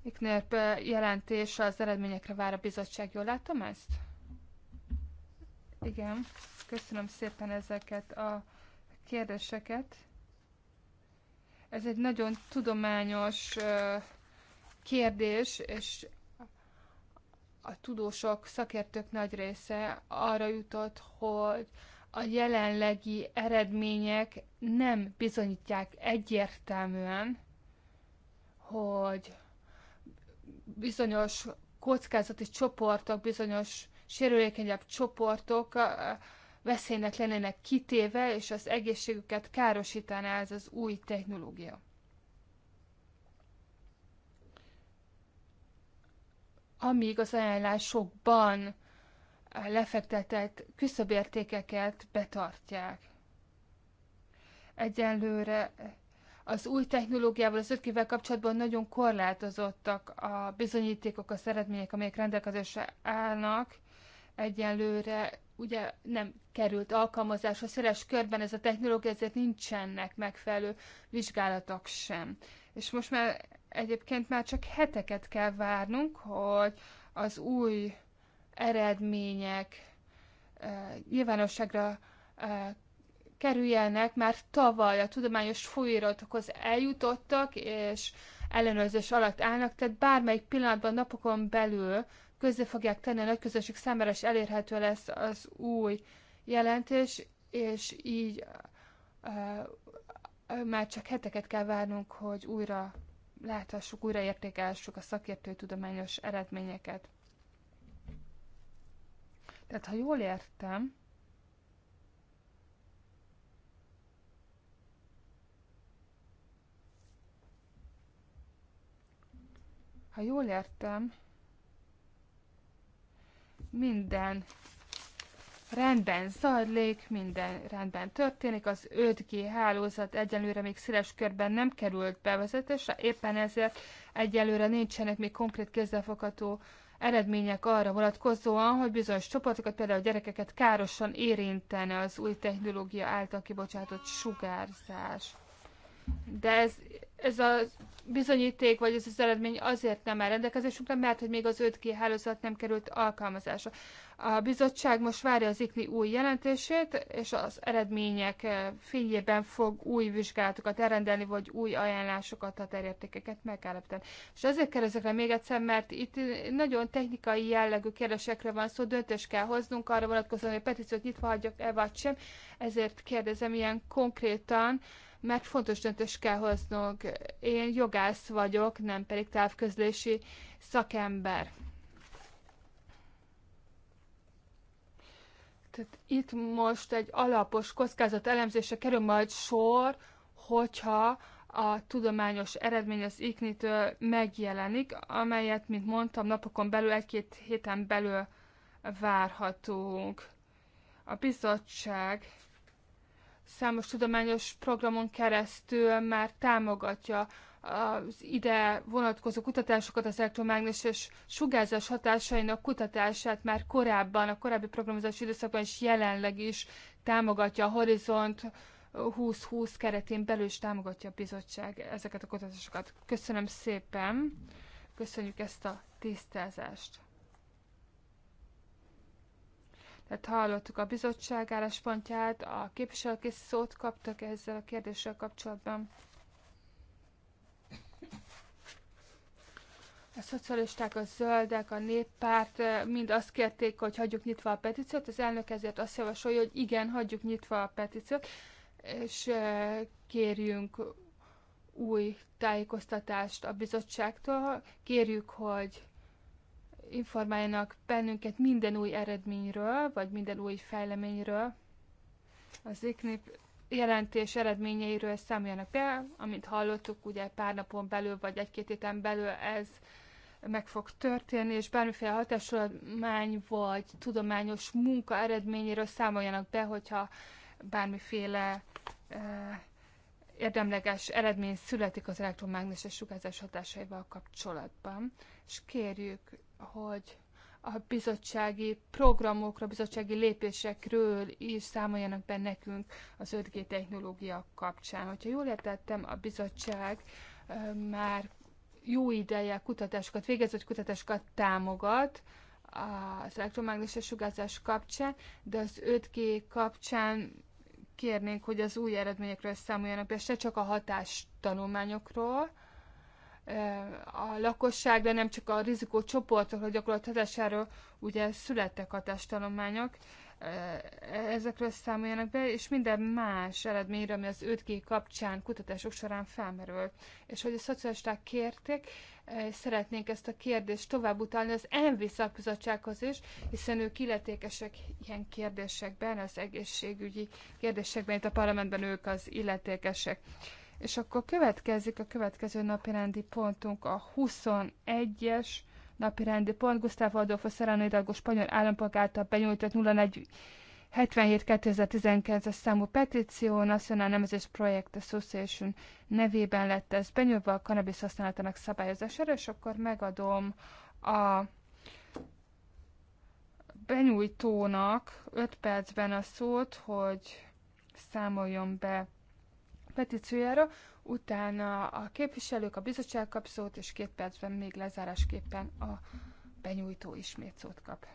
IKNERP jelentés az eredményekre vár a bizottság. Jól láttam ezt? Igen. Köszönöm szépen ezeket a kérdéseket. Ez egy nagyon tudományos kérdés, és a tudósok, szakértők nagy része arra jutott, hogy a jelenlegi eredmények nem bizonyítják egyértelműen, hogy bizonyos kockázati csoportok, bizonyos sérülékenyebb csoportok veszélynek lennének kitéve, és az egészségüket károsítaná ez az új technológia. Amíg az ajánlásokban lefektetett küszöbértékeket betartják. Egyenlőre az új technológiával, az ötkével kapcsolatban nagyon korlátozottak a bizonyítékok, az eredmények, amelyek rendelkezésre állnak. Egyenlőre ugye nem került alkalmazásra széles körben ez a technológia, ezért nincsenek megfelelő vizsgálatok sem. És most már egyébként már csak heteket kell várnunk, hogy az új eredmények e, nyilvánosságra e, kerüljenek, már tavaly a tudományos folyóiratokhoz eljutottak, és ellenőrzés alatt állnak, tehát bármelyik pillanatban, napokon belül közé fogják tenni a nagyközösség számára, és elérhető lesz az új jelentés, és így már csak heteket kell várnunk, hogy újra láthassuk, újra értékelhessük a szakértő tudományos eredményeket. Tehát, ha jól értem, ha jól értem, minden rendben zajlik, minden rendben történik, az 5G hálózat egyelőre még széles körben nem került bevezetésre, éppen ezért egyelőre nincsenek még konkrét kézzelfogható eredmények arra vonatkozóan, hogy bizonyos csoportokat, például a gyerekeket károsan érintene az új technológia által kibocsátott sugárzás. De ez, ez a bizonyíték, vagy ez az eredmény azért nem áll rendelkezésünkre, mert hogy még az 5G hálózat nem került alkalmazásra. A bizottság most várja az IKLI új jelentését, és az eredmények eh, fényében fog új vizsgálatokat elrendelni, vagy új ajánlásokat, a határértékeket megállapítani. És ezért kérdezek le még egyszer, mert itt nagyon technikai jellegű kérdésekre van szó, döntést kell hoznunk arra vonatkozóan, hogy a petíciót nyitva hagyjak-e vagy sem, ezért kérdezem ilyen konkrétan, mert fontos döntést kell hoznunk. Én jogász vagyok, nem pedig távközlési szakember. Tehát itt most egy alapos kockázat elemzése kerül majd sor, hogyha a tudományos eredmény az iknitől megjelenik, amelyet, mint mondtam, napokon belül, egy-két héten belül várhatunk. A bizottság számos tudományos programon keresztül már támogatja az ide vonatkozó kutatásokat, az elektromágneses sugárzás hatásainak kutatását már korábban, a korábbi programozási időszakban is jelenleg is támogatja a Horizont 2020 keretén belül is támogatja a bizottság ezeket a kutatásokat. Köszönöm szépen, köszönjük ezt a tisztázást. Tehát hallottuk a bizottság álláspontját, a képviselők is szót kaptak ezzel a kérdéssel kapcsolatban. A szocialisták, a zöldek, a néppárt eh, mind azt kérték, hogy hagyjuk nyitva a petíciót. Az elnök ezért azt javasolja, hogy igen, hagyjuk nyitva a petíciót, és eh, kérjünk új tájékoztatást a bizottságtól. Kérjük, hogy informáljanak bennünket minden új eredményről, vagy minden új fejleményről. Az IKNIP jelentés eredményeiről számoljanak be, amint hallottuk, ugye pár napon belül, vagy egy-két héten belül ez meg fog történni, és bármiféle hatásolmány vagy tudományos munka eredményéről számoljanak be, hogyha bármiféle eh, érdemleges eredmény születik az elektromágneses sugárzás hatásaival kapcsolatban. És kérjük hogy a bizottsági programokra, bizottsági lépésekről is számoljanak be nekünk az 5G technológia kapcsán. Hogyha jól értettem, a bizottság már jó ideje kutatásokat végez, vagy kutatásokat támogat az elektromágneses sugárzás kapcsán, de az 5G kapcsán kérnénk, hogy az új eredményekről számoljanak be, se csak a hatástanulmányokról, a de nem csak a rizikó csoportokra gyakorolt hatásáról ugye születtek hatástalományok, ezekről számoljanak be, és minden más eredményre, ami az 5G kapcsán kutatások során felmerül. És hogy a szocialisták kérték, szeretnénk ezt a kérdést tovább utalni az ENVI szakbizottsághoz is, hiszen ők illetékesek ilyen kérdésekben, az egészségügyi kérdésekben, itt a parlamentben ők az illetékesek. És akkor következik a következő napirendi pontunk, a 21-es napirendi pont. Gustavo Adolfo Serrano Hidalgo spanyol állampolgár által benyújtott 77 2019 es számú petíció National Nemzés Project Association nevében lett ez benyújtva a cannabis használatának szabályozására, és akkor megadom a benyújtónak 5 percben a szót, hogy számoljon be petíciójára, utána a képviselők, a bizottság kap szót, és két percben még lezárásképpen a benyújtó ismét szót kap.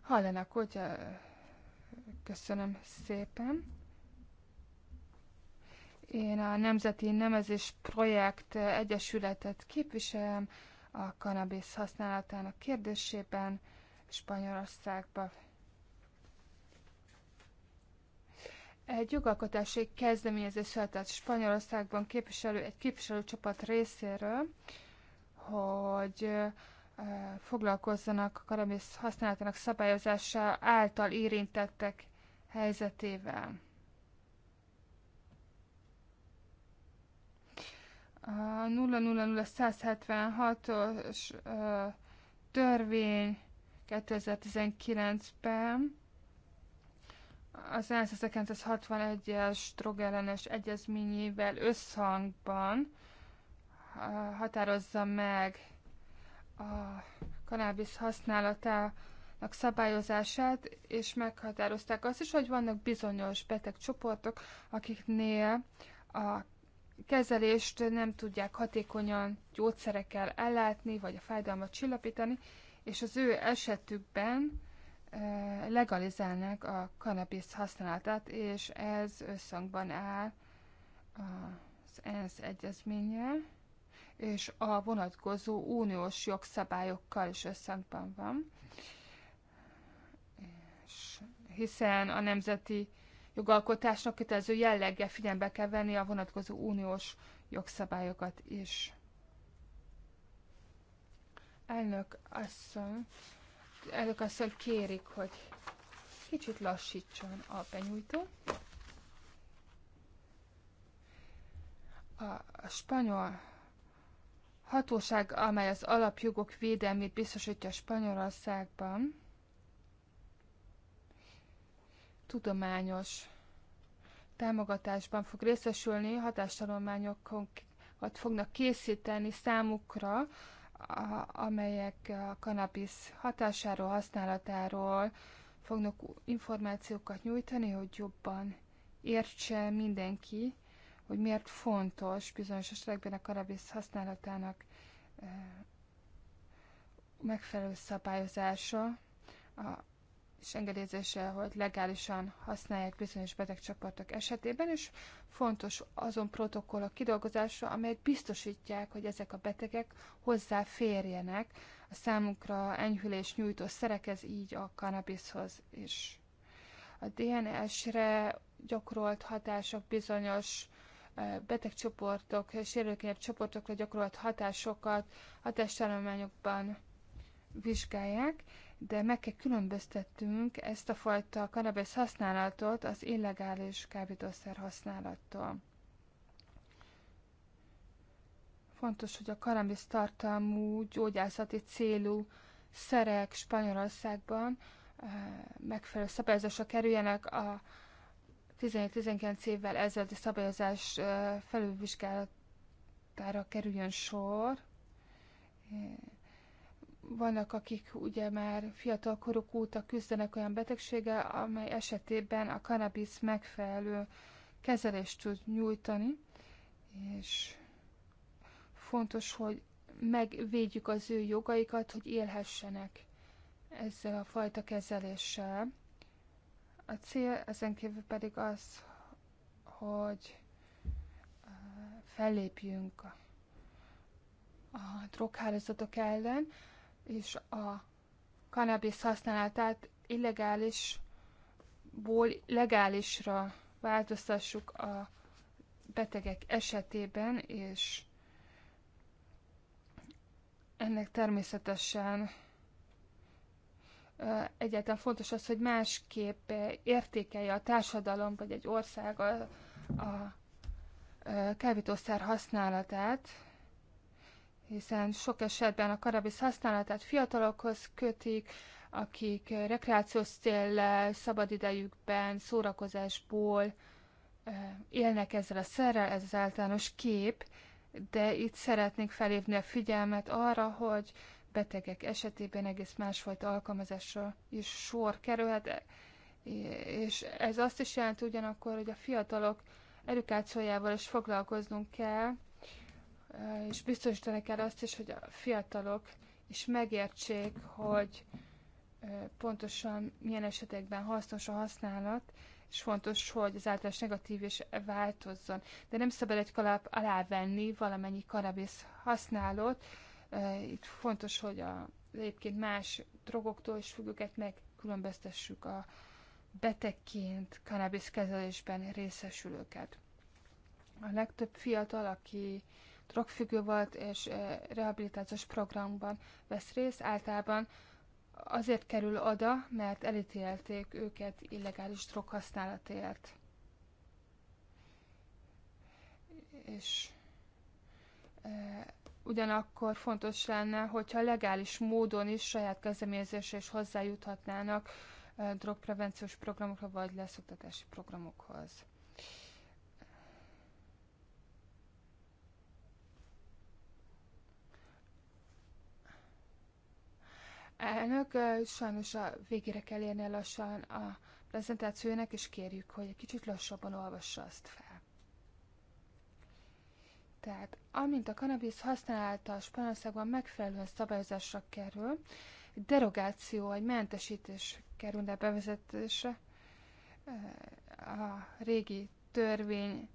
Hallanak, hogy köszönöm szépen. Én a Nemzeti Nemezés Projekt Egyesületet képviselem a kanabisz használatának kérdésében Spanyolországban egy jogalkotási kezdeményezés született Spanyolországban képviselő, egy képviselőcsapat részéről, hogy foglalkozzanak a kanabisz használatának szabályozása által érintettek helyzetével. A 000176 os törvény 2019-ben az ENSZ 1961-es drogellenes egyezményével összhangban határozza meg a kanábisz használatának szabályozását, és meghatározták azt is, hogy vannak bizonyos betegcsoportok, akiknél a kezelést nem tudják hatékonyan gyógyszerekkel ellátni, vagy a fájdalmat csillapítani, és az ő esetükben legalizálnak a kanabisz használatát, és ez összhangban áll az ENSZ egyezménye, és a vonatkozó uniós jogszabályokkal is összhangban van, és hiszen a nemzeti jogalkotásnak kötelező jellege figyelembe kell venni a vonatkozó uniós jogszabályokat is. Elnök asszony, elnök asszony kérik, hogy kicsit lassítson a benyújtó. A spanyol hatóság, amely az alapjogok védelmét biztosítja Spanyolországban, tudományos támogatásban fog részesülni, hatástanulmányokat fognak készíteni számukra amelyek a kanabisz hatásáról, használatáról fognak információkat nyújtani, hogy jobban értse mindenki, hogy miért fontos bizonyos esetekben a kanabisz használatának eh, megfelelő szabályozása a és engedélyezése, hogy legálisan használják bizonyos betegcsoportok esetében, és fontos azon protokollok kidolgozása, amelyek biztosítják, hogy ezek a betegek hozzáférjenek a számukra enyhülés nyújtó szerekhez, így a kanabiszhoz is. A DNS-re gyakorolt hatások bizonyos betegcsoportok, sérülékenyebb csoportokra gyakorolt hatásokat hatástalományokban vizsgálják, de meg kell különböztetnünk ezt a fajta kanabisz használatot az illegális kábítószer használattól. Fontos, hogy a kanabisz tartalmú gyógyászati célú szerek Spanyolországban eh, megfelelő szabályozásra kerüljenek a 17-19 évvel ezelőtti szabályozás eh, felülvizsgálatára kerüljön sor eh, vannak, akik ugye már fiatal koruk óta küzdenek olyan betegséggel, amely esetében a kanabisz megfelelő kezelést tud nyújtani, és fontos, hogy megvédjük az ő jogaikat, hogy élhessenek ezzel a fajta kezeléssel. A cél ezen kívül pedig az, hogy fellépjünk a droghálózatok ellen, és a cannabis használatát illegálisból legálisra változtassuk a betegek esetében, és ennek természetesen egyáltalán fontos az, hogy másképp értékelje a társadalom vagy egy ország a, a kábítószer használatát, hiszen sok esetben a karabisz használatát fiatalokhoz kötik, akik rekreációs céllal, szabadidejükben, szórakozásból élnek ezzel a szerrel, ez az általános kép, de itt szeretnénk felhívni a figyelmet arra, hogy betegek esetében egész másfajta alkalmazásra is sor kerülhet, e, és ez azt is jelenti ugyanakkor, hogy a fiatalok edukációjával is foglalkoznunk kell, és biztosítani kell azt is, hogy a fiatalok is megértsék, hogy pontosan milyen esetekben hasznos a használat, és fontos, hogy az általános negatív is változzon. De nem szabad egy kalap alá venni valamennyi kanabisz használót. Itt fontos, hogy a, egyébként más drogoktól is függőket megkülönböztessük a betegként kanabisz kezelésben részesülőket. A legtöbb fiatal, aki drogfüggő volt, és eh, rehabilitációs programban vesz részt. Általában azért kerül oda, mert elítélték őket illegális droghasználatért. És e, ugyanakkor fontos lenne, hogyha legális módon is saját kezdeményezésre is hozzájuthatnának e, drogprevenciós programokra vagy leszoktatási programokhoz. Elnök, sajnos a végére kell érni lassan a prezentációjának, és kérjük, hogy egy kicsit lassabban olvassa azt fel. Tehát, amint a kanabis használata Spanyolországban megfelelően szabályozásra kerül, derogáció, egy mentesítés kerülne bevezetésre a régi törvény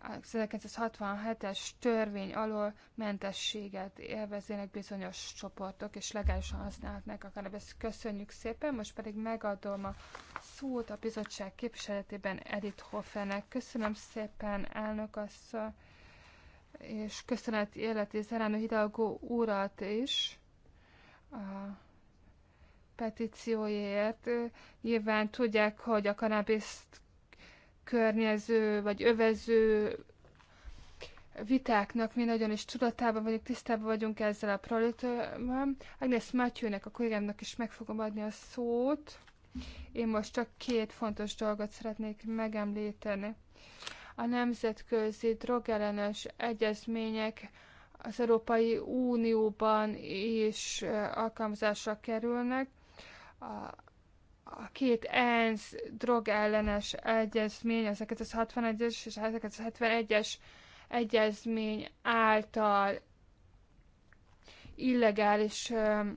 az 1967-es törvény alól mentességet élvezének bizonyos csoportok, és legálisan használhatnak a kanabiszt. Köszönjük szépen, most pedig megadom a szót a bizottság képviseletében Edith Hoffenek. Köszönöm szépen, elnök asszony, és köszönet életi Zeránő Hidalgo urat is a petícióért. Nyilván tudják, hogy a kanabiszt környező vagy övező vitáknak mi nagyon is tudatában vagyunk, tisztában vagyunk ezzel a problémával. Agnes Matthew-nek, a kollégámnak is meg fogom adni a szót. Én most csak két fontos dolgot szeretnék megemlíteni. A nemzetközi drogellenes egyezmények az Európai Unióban is alkalmazásra kerülnek. A a két ENSZ drogellenes egyezmény, az 1961-es és az 1971-es egyezmény által illegálisnak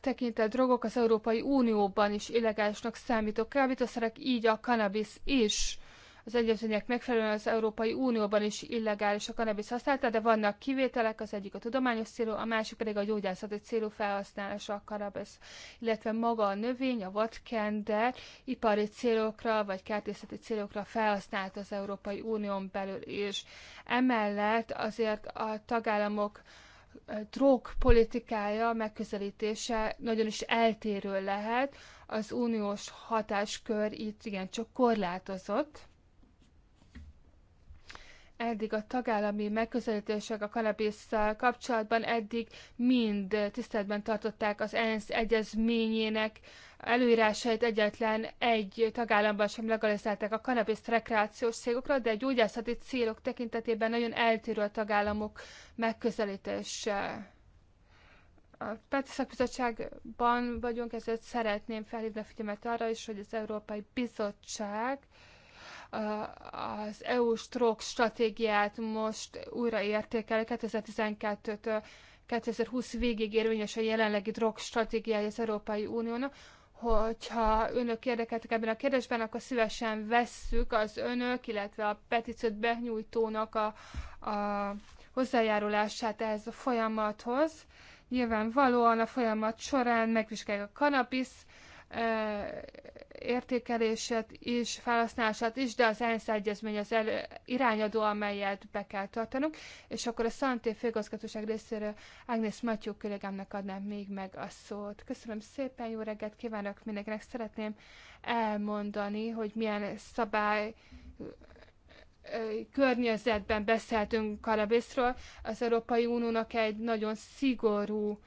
tekintett drogok az Európai Unióban is illegálisnak számítok. kábítószerek, így a cannabis is az egyezmények megfelelően az Európai Unióban is illegális a kannabisz használata, de vannak kivételek, az egyik a tudományos célú, a másik pedig a gyógyászati célú felhasználása a kannabisz, illetve maga a növény, a vadkender ipari célokra vagy kertészeti célokra felhasznált az Európai Unión belül is. Emellett azért a tagállamok drogpolitikája, megközelítése nagyon is eltérő lehet, az uniós hatáskör itt igen csak korlátozott eddig a tagállami megközelítések a kanabisszal kapcsolatban eddig mind tiszteletben tartották az ENSZ egyezményének előírásait egyetlen egy tagállamban sem legalizálták a kanabiszt rekreációs célokra, de gyógyászati célok tekintetében nagyon eltérő a tagállamok megközelítése. A Peti Szakbizottságban vagyunk, ezért szeretném felhívni a figyelmet arra is, hogy az Európai Bizottság az EU-s stratégiát most újra értékel 2012-től 2020 végig érvényes a jelenlegi drog stratégiája az Európai Uniónak, hogyha önök érdekeltek ebben a kérdésben, akkor szívesen vesszük az önök, illetve a petíciót benyújtónak a, a hozzájárulását ehhez a folyamathoz. Nyilvánvalóan a folyamat során megvizsgálják a kanapisz, eh, értékelését is, felhasználását is, de az ENSZ egyezmény az elő, irányadó, amelyet be kell tartanunk, és akkor a Szanté Főgazgatóság részéről Agnes Matyó kollégámnak adnám még meg a szót. Köszönöm szépen, jó reggelt kívánok mindenkinek. Szeretném elmondani, hogy milyen szabály környezetben beszéltünk Karabészről. Az Európai Uniónak egy nagyon szigorú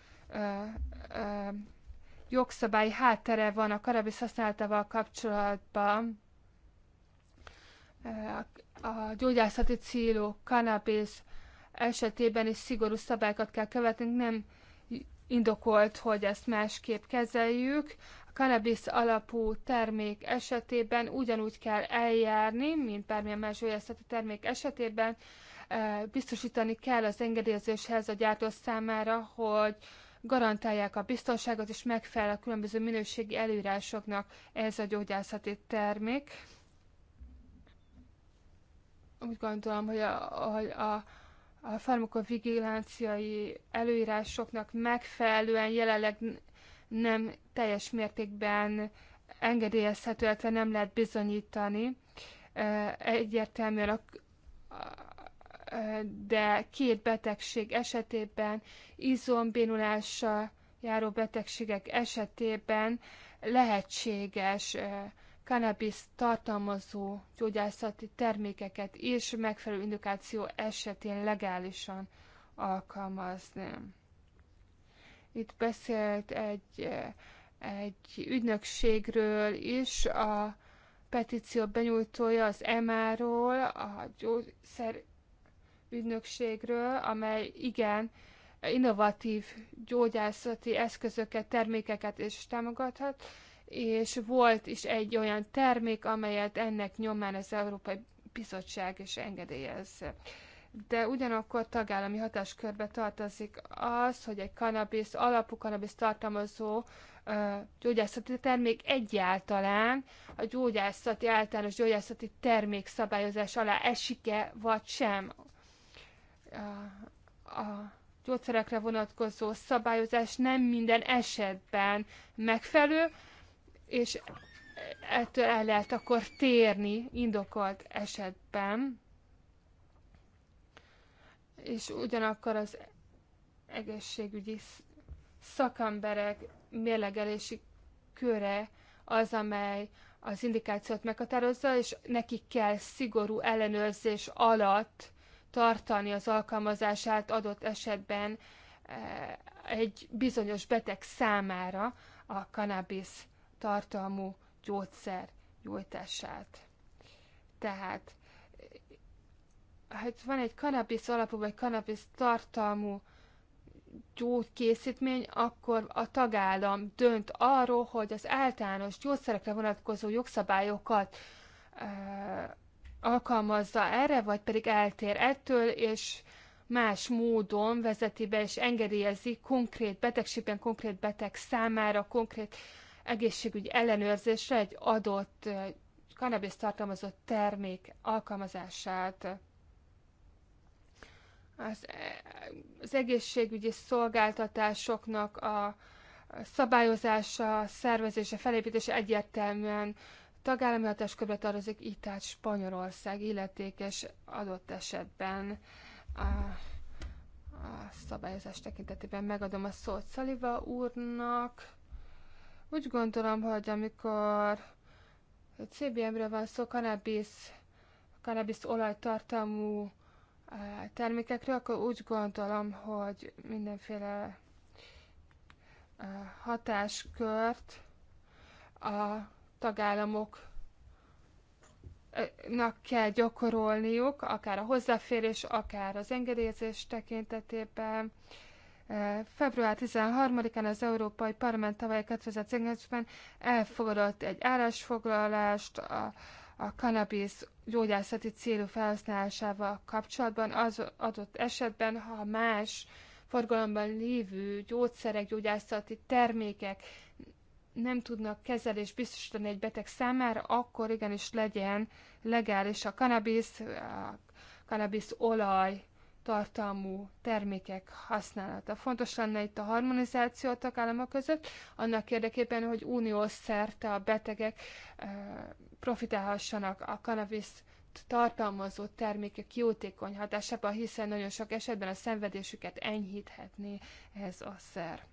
jogszabályi háttere van a karabisz használatával kapcsolatban. A gyógyászati célú kanabisz esetében is szigorú szabályokat kell követnünk, nem indokolt, hogy ezt másképp kezeljük. A kanabisz alapú termék esetében ugyanúgy kell eljárni, mint bármilyen más gyógyászati termék esetében. Biztosítani kell az engedélyezéshez a gyártó számára, hogy garantálják a biztonságot, és megfelel a különböző minőségi előírásoknak ez a gyógyászati termék. Úgy gondolom, hogy a, a, a a farmakovigilánciai előírásoknak megfelelően jelenleg nem teljes mértékben engedélyezhető, illetve nem lehet bizonyítani. Egyértelműen a, de két betegség esetében, izombénulással járó betegségek esetében lehetséges cannabis tartalmazó gyógyászati termékeket és megfelelő indikáció esetén legálisan alkalmazni. Itt beszélt egy, egy ügynökségről is, a petíció benyújtója az mr ról a gyógyszer ügynökségről, amely igen innovatív gyógyászati eszközöket, termékeket is támogathat, és volt is egy olyan termék, amelyet ennek nyomán az Európai Bizottság is engedélyez. De ugyanakkor tagállami hatáskörbe tartozik az, hogy egy kanabisz, alapú kanabisz tartalmazó gyógyászati termék egyáltalán a gyógyászati, általános gyógyászati termék szabályozás alá esik-e, vagy sem a, a gyógyszerekre vonatkozó szabályozás nem minden esetben megfelelő, és ettől el lehet akkor térni indokolt esetben. És ugyanakkor az egészségügyi szakemberek mérlegelési köre az, amely az indikációt meghatározza, és nekik kell szigorú ellenőrzés alatt tartani az alkalmazását adott esetben eh, egy bizonyos beteg számára a cannabis tartalmú gyógyszer gyújtását. Tehát eh, hát van egy cannabis alapú vagy cannabis tartalmú gyógykészítmény, akkor a tagállam dönt arról, hogy az általános gyógyszerekre vonatkozó jogszabályokat eh, alkalmazza erre, vagy pedig eltér ettől, és más módon vezeti be és engedélyezi konkrét betegségben, konkrét beteg számára, konkrét egészségügyi ellenőrzésre egy adott eh, cannabis tartalmazott termék alkalmazását. Az, eh, az egészségügyi szolgáltatásoknak a szabályozása, szervezése, felépítése egyértelműen tagállami hatáskörbe tartozik, így tehát Spanyolország illetékes adott esetben a, a szabályozás tekintetében megadom a szót Szaliva úrnak. Úgy gondolom, hogy amikor CBM-ről van szó, kanabisz, kanabisz olajtartalmú eh, termékekről, akkor úgy gondolom, hogy mindenféle eh, hatáskört a tagállamok kell gyakorolniuk, akár a hozzáférés, akár az engedélyezés tekintetében. Eh, február 13-án az Európai Parlament tavaly 2019-ben elfogadott egy állásfoglalást a, a cannabis gyógyászati célú felhasználásával kapcsolatban az adott esetben, ha más forgalomban lévő gyógyszerek, gyógyászati termékek nem tudnak kezelést biztosítani egy beteg számára, akkor igenis legyen legális a kanabisz, a kanabisz olaj tartalmú termékek használata. Fontos lenne itt a harmonizáció a tagállamok között, annak érdekében, hogy uniós szerte a betegek profitálhassanak a kanabisz tartalmazó termékek jótékony hatásában, hiszen nagyon sok esetben a szenvedésüket enyhíthetné ez a szer.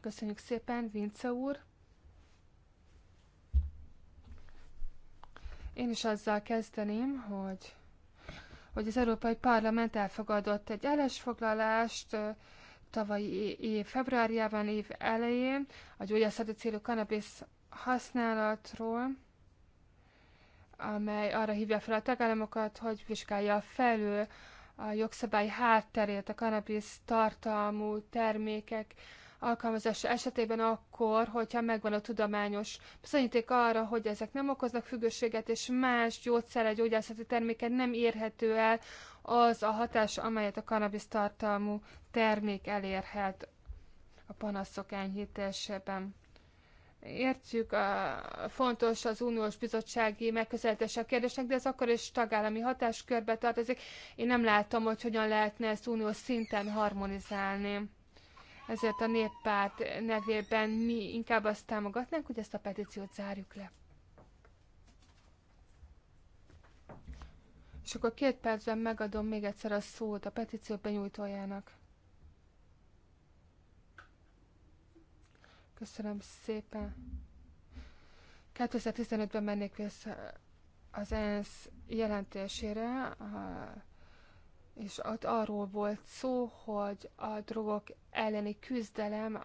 Köszönjük szépen, Vince úr. Én is azzal kezdeném, hogy, hogy az Európai Parlament elfogadott egy állásfoglalást tavalyi év februárjában, év elején a gyógyászati célú kanabisz használatról, amely arra hívja fel a tagállamokat, hogy vizsgálja felül a jogszabály hátterét, a kanabisz tartalmú termékek alkalmazása esetében akkor, hogyha megvan a tudományos bizonyíték arra, hogy ezek nem okoznak függőséget, és más gyógyszerre, gyógyászati terméket nem érhető el az a hatás, amelyet a kanabis tartalmú termék elérhet a panaszok enyhítésében. Értjük, a, fontos az uniós bizottsági megközelítése a kérdésnek, de ez akkor is tagállami hatáskörbe tartozik. Én nem látom, hogy hogyan lehetne ezt uniós szinten harmonizálni ezért a néppárt nevében mi inkább azt támogatnánk, hogy ezt a petíciót zárjuk le. És akkor két percben megadom még egyszer a szót a petíció benyújtójának. Köszönöm szépen. 2015-ben mennék vissza az ENSZ jelentésére, a és ott arról volt szó, hogy a drogok elleni küzdelem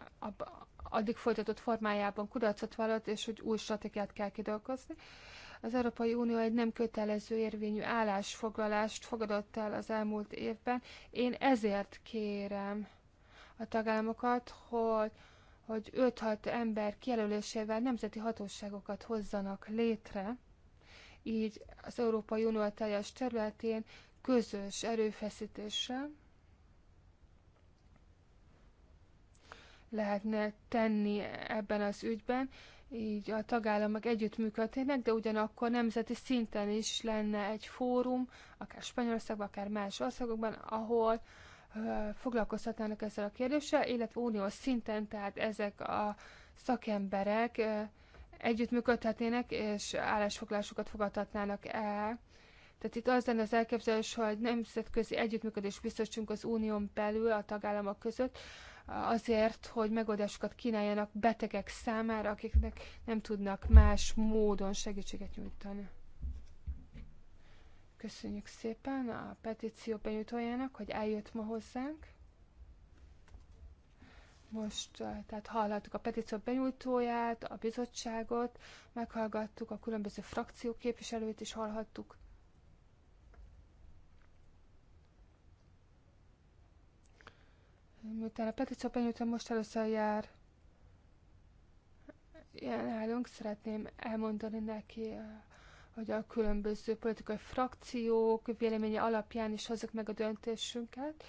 addig folytatott formájában kudarcot vallott, és hogy új stratégiát kell kidolgozni. Az Európai Unió egy nem kötelező érvényű állásfoglalást fogadott el az elmúlt évben. Én ezért kérem a tagállamokat, hogy, hogy 5-6 ember kijelölésével nemzeti hatóságokat hozzanak létre, így az Európai Unió teljes területén közös erőfeszítéssel lehetne tenni ebben az ügyben, így a tagállamok együttműködhetnek, de ugyanakkor nemzeti szinten is lenne egy fórum, akár Spanyolországban, akár más országokban, ahol foglalkozhatnának ezzel a kérdéssel, illetve unió szinten, tehát ezek a szakemberek együttműködhetnének, és állásfoglásokat fogadhatnának el tehát itt az lenne az elképzelés, hogy nemzetközi együttműködés biztosunk az unión belül, a tagállamok között, azért, hogy megoldásokat kínáljanak betegek számára, akiknek nem tudnak más módon segítséget nyújtani. Köszönjük szépen a petíció benyújtójának, hogy eljött ma hozzánk. Most tehát hallhattuk a petíció benyújtóját, a bizottságot, meghallgattuk a különböző frakció képviselőit is hallhattuk. miután a petíció benyújtom, most először jár ilyen állunk, szeretném elmondani neki, hogy a különböző politikai frakciók véleménye alapján is hozzuk meg a döntésünket.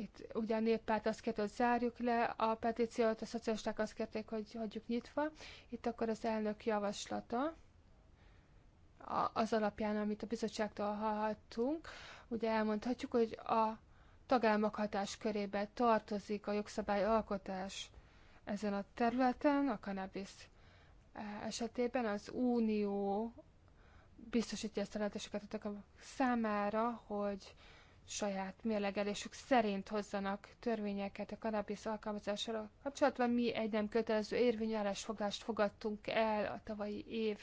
Itt ugye a néppárt azt kérte, hogy zárjuk le a petíciót, a szocialisták azt kérték, hogy hagyjuk nyitva. Itt akkor az elnök javaslata az alapján, amit a bizottságtól hallhattunk, ugye elmondhatjuk, hogy a tagállamok hatáskörébe tartozik a alkotás ezen a területen, a cannabis eh, esetében az Unió biztosítja ezt a lehetőséget a tagállamok számára, hogy saját mérlegelésük szerint hozzanak törvényeket a cannabis alkalmazására kapcsolatban. Mi egy nem kötelező érvényű fogadtunk el a tavalyi év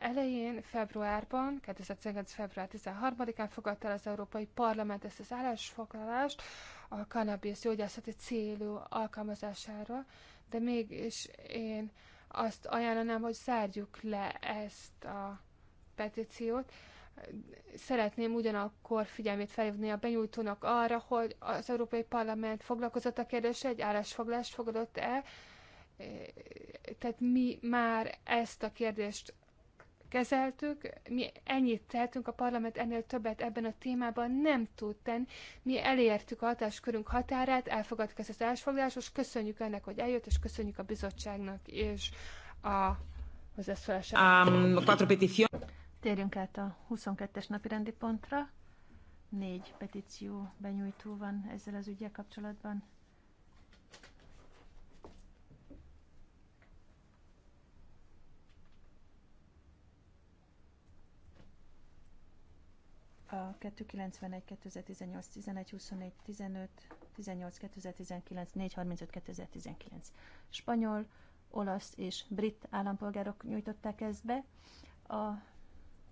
elején, februárban, 2019. február 13-án fogadta el az Európai Parlament ezt az állásfoglalást a cannabis gyógyászati célú alkalmazására, de mégis én azt ajánlanám, hogy zárjuk le ezt a petíciót. Szeretném ugyanakkor figyelmét felhívni a benyújtónak arra, hogy az Európai Parlament foglalkozott a kérdése, egy állásfoglalást fogadott el, tehát mi már ezt a kérdést kezeltük, mi ennyit tehetünk, a parlament ennél többet ebben a témában nem tud tenni. Mi elértük a hatáskörünk határát, elfogadtuk ezt az elsfoglalást, és köszönjük ennek, hogy eljött, és köszönjük a bizottságnak és a hozzászólásának. Um, Térjünk át a 22-es napi rendi pontra. Négy petíció benyújtó van ezzel az ügyel kapcsolatban. a 291, 2018, 11, 24, 15, 18, 2019, 4, 35, 2019. Spanyol, olasz és brit állampolgárok nyújtották ezt be. A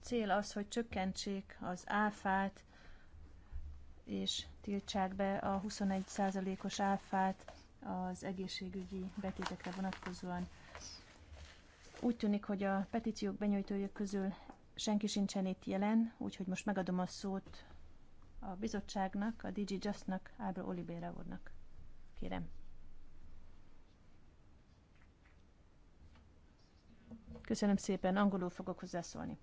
cél az, hogy csökkentsék az áfát, és tiltsák be a 21%-os áfát az egészségügyi betétekre vonatkozóan. Úgy tűnik, hogy a petíciók benyújtójuk közül Senki sincsen itt jelen, úgyhogy most megadom a szót a bizottságnak, a DG Justnak, Ábra Olibéra úrnak. Kérem. Köszönöm szépen, angolul fogok hozzászólni.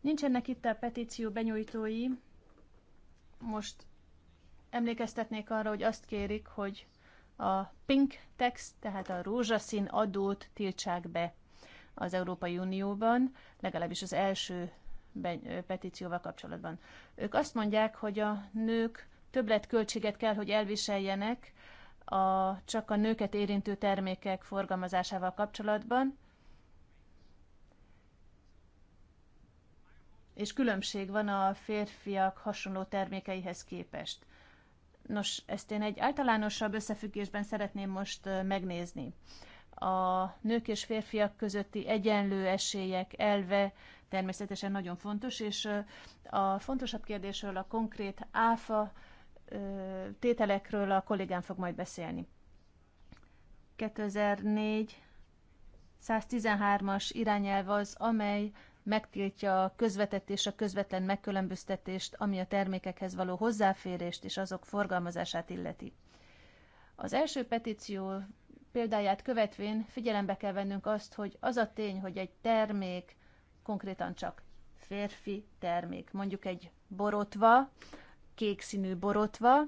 Nincsenek itt a petíció benyújtói. Most emlékeztetnék arra, hogy azt kérik, hogy a pink text, tehát a rózsaszín adót tiltsák be az Európai Unióban, legalábbis az első petícióval kapcsolatban. Ők azt mondják, hogy a nők többletköltséget kell, hogy elviseljenek a, csak a nőket érintő termékek forgalmazásával kapcsolatban, és különbség van a férfiak hasonló termékeihez képest. Nos, ezt én egy általánosabb összefüggésben szeretném most megnézni a nők és férfiak közötti egyenlő esélyek elve természetesen nagyon fontos, és a fontosabb kérdésről a konkrét áfa tételekről a kollégám fog majd beszélni. 2004 113-as irányelv az, amely megtiltja a közvetett és a közvetlen megkülönböztetést, ami a termékekhez való hozzáférést és azok forgalmazását illeti. Az első petíció példáját követvén figyelembe kell vennünk azt, hogy az a tény, hogy egy termék konkrétan csak férfi termék, mondjuk egy borotva, kék színű borotva.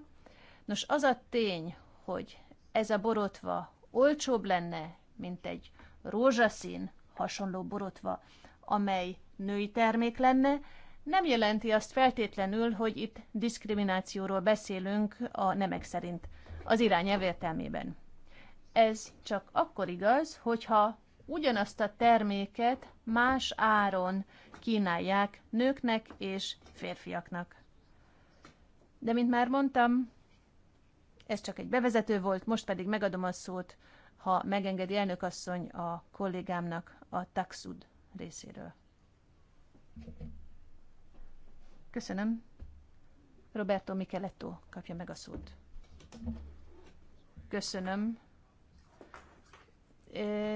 Nos, az a tény, hogy ez a borotva olcsóbb lenne, mint egy rózsaszín hasonló borotva, amely női termék lenne, nem jelenti azt feltétlenül, hogy itt diszkriminációról beszélünk a nemek szerint az irányelv értelmében. Ez csak akkor igaz, hogyha ugyanazt a terméket más áron kínálják nőknek és férfiaknak. De, mint már mondtam, ez csak egy bevezető volt, most pedig megadom a szót, ha megengedi elnökasszony a kollégámnak a Taxud részéről. Köszönöm. Roberto Micheletto kapja meg a szót. Köszönöm,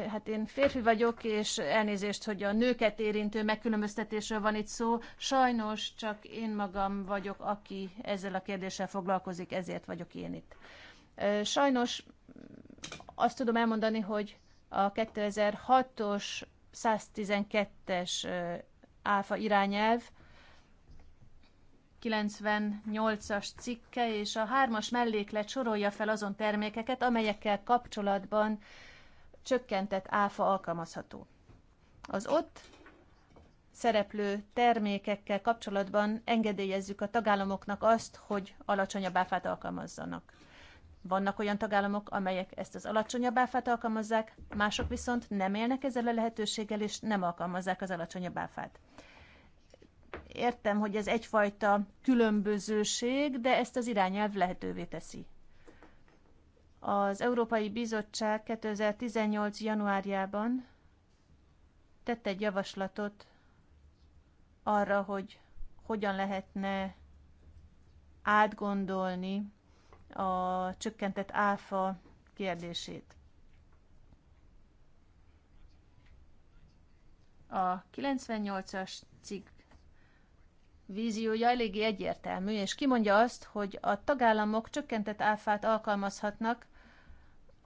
hát én férfi vagyok, és elnézést, hogy a nőket érintő megkülönböztetésről van itt szó. Sajnos csak én magam vagyok, aki ezzel a kérdéssel foglalkozik, ezért vagyok én itt. Sajnos azt tudom elmondani, hogy a 2006-os 112-es áfa irányelv 98-as cikke és a hármas melléklet sorolja fel azon termékeket, amelyekkel kapcsolatban csökkentett áfa alkalmazható. Az ott szereplő termékekkel kapcsolatban engedélyezzük a tagállamoknak azt, hogy alacsonyabb áfát alkalmazzanak. Vannak olyan tagállamok, amelyek ezt az alacsonyabb áfát alkalmazzák, mások viszont nem élnek ezzel a lehetőséggel, és nem alkalmazzák az alacsonyabb áfát. Értem, hogy ez egyfajta különbözőség, de ezt az irányelv lehetővé teszi. Az Európai Bizottság 2018. januárjában tett egy javaslatot arra, hogy hogyan lehetne átgondolni a csökkentett áfa kérdését. A 98-as cikk víziója eléggé egyértelmű, és kimondja azt, hogy a tagállamok csökkentett áfát alkalmazhatnak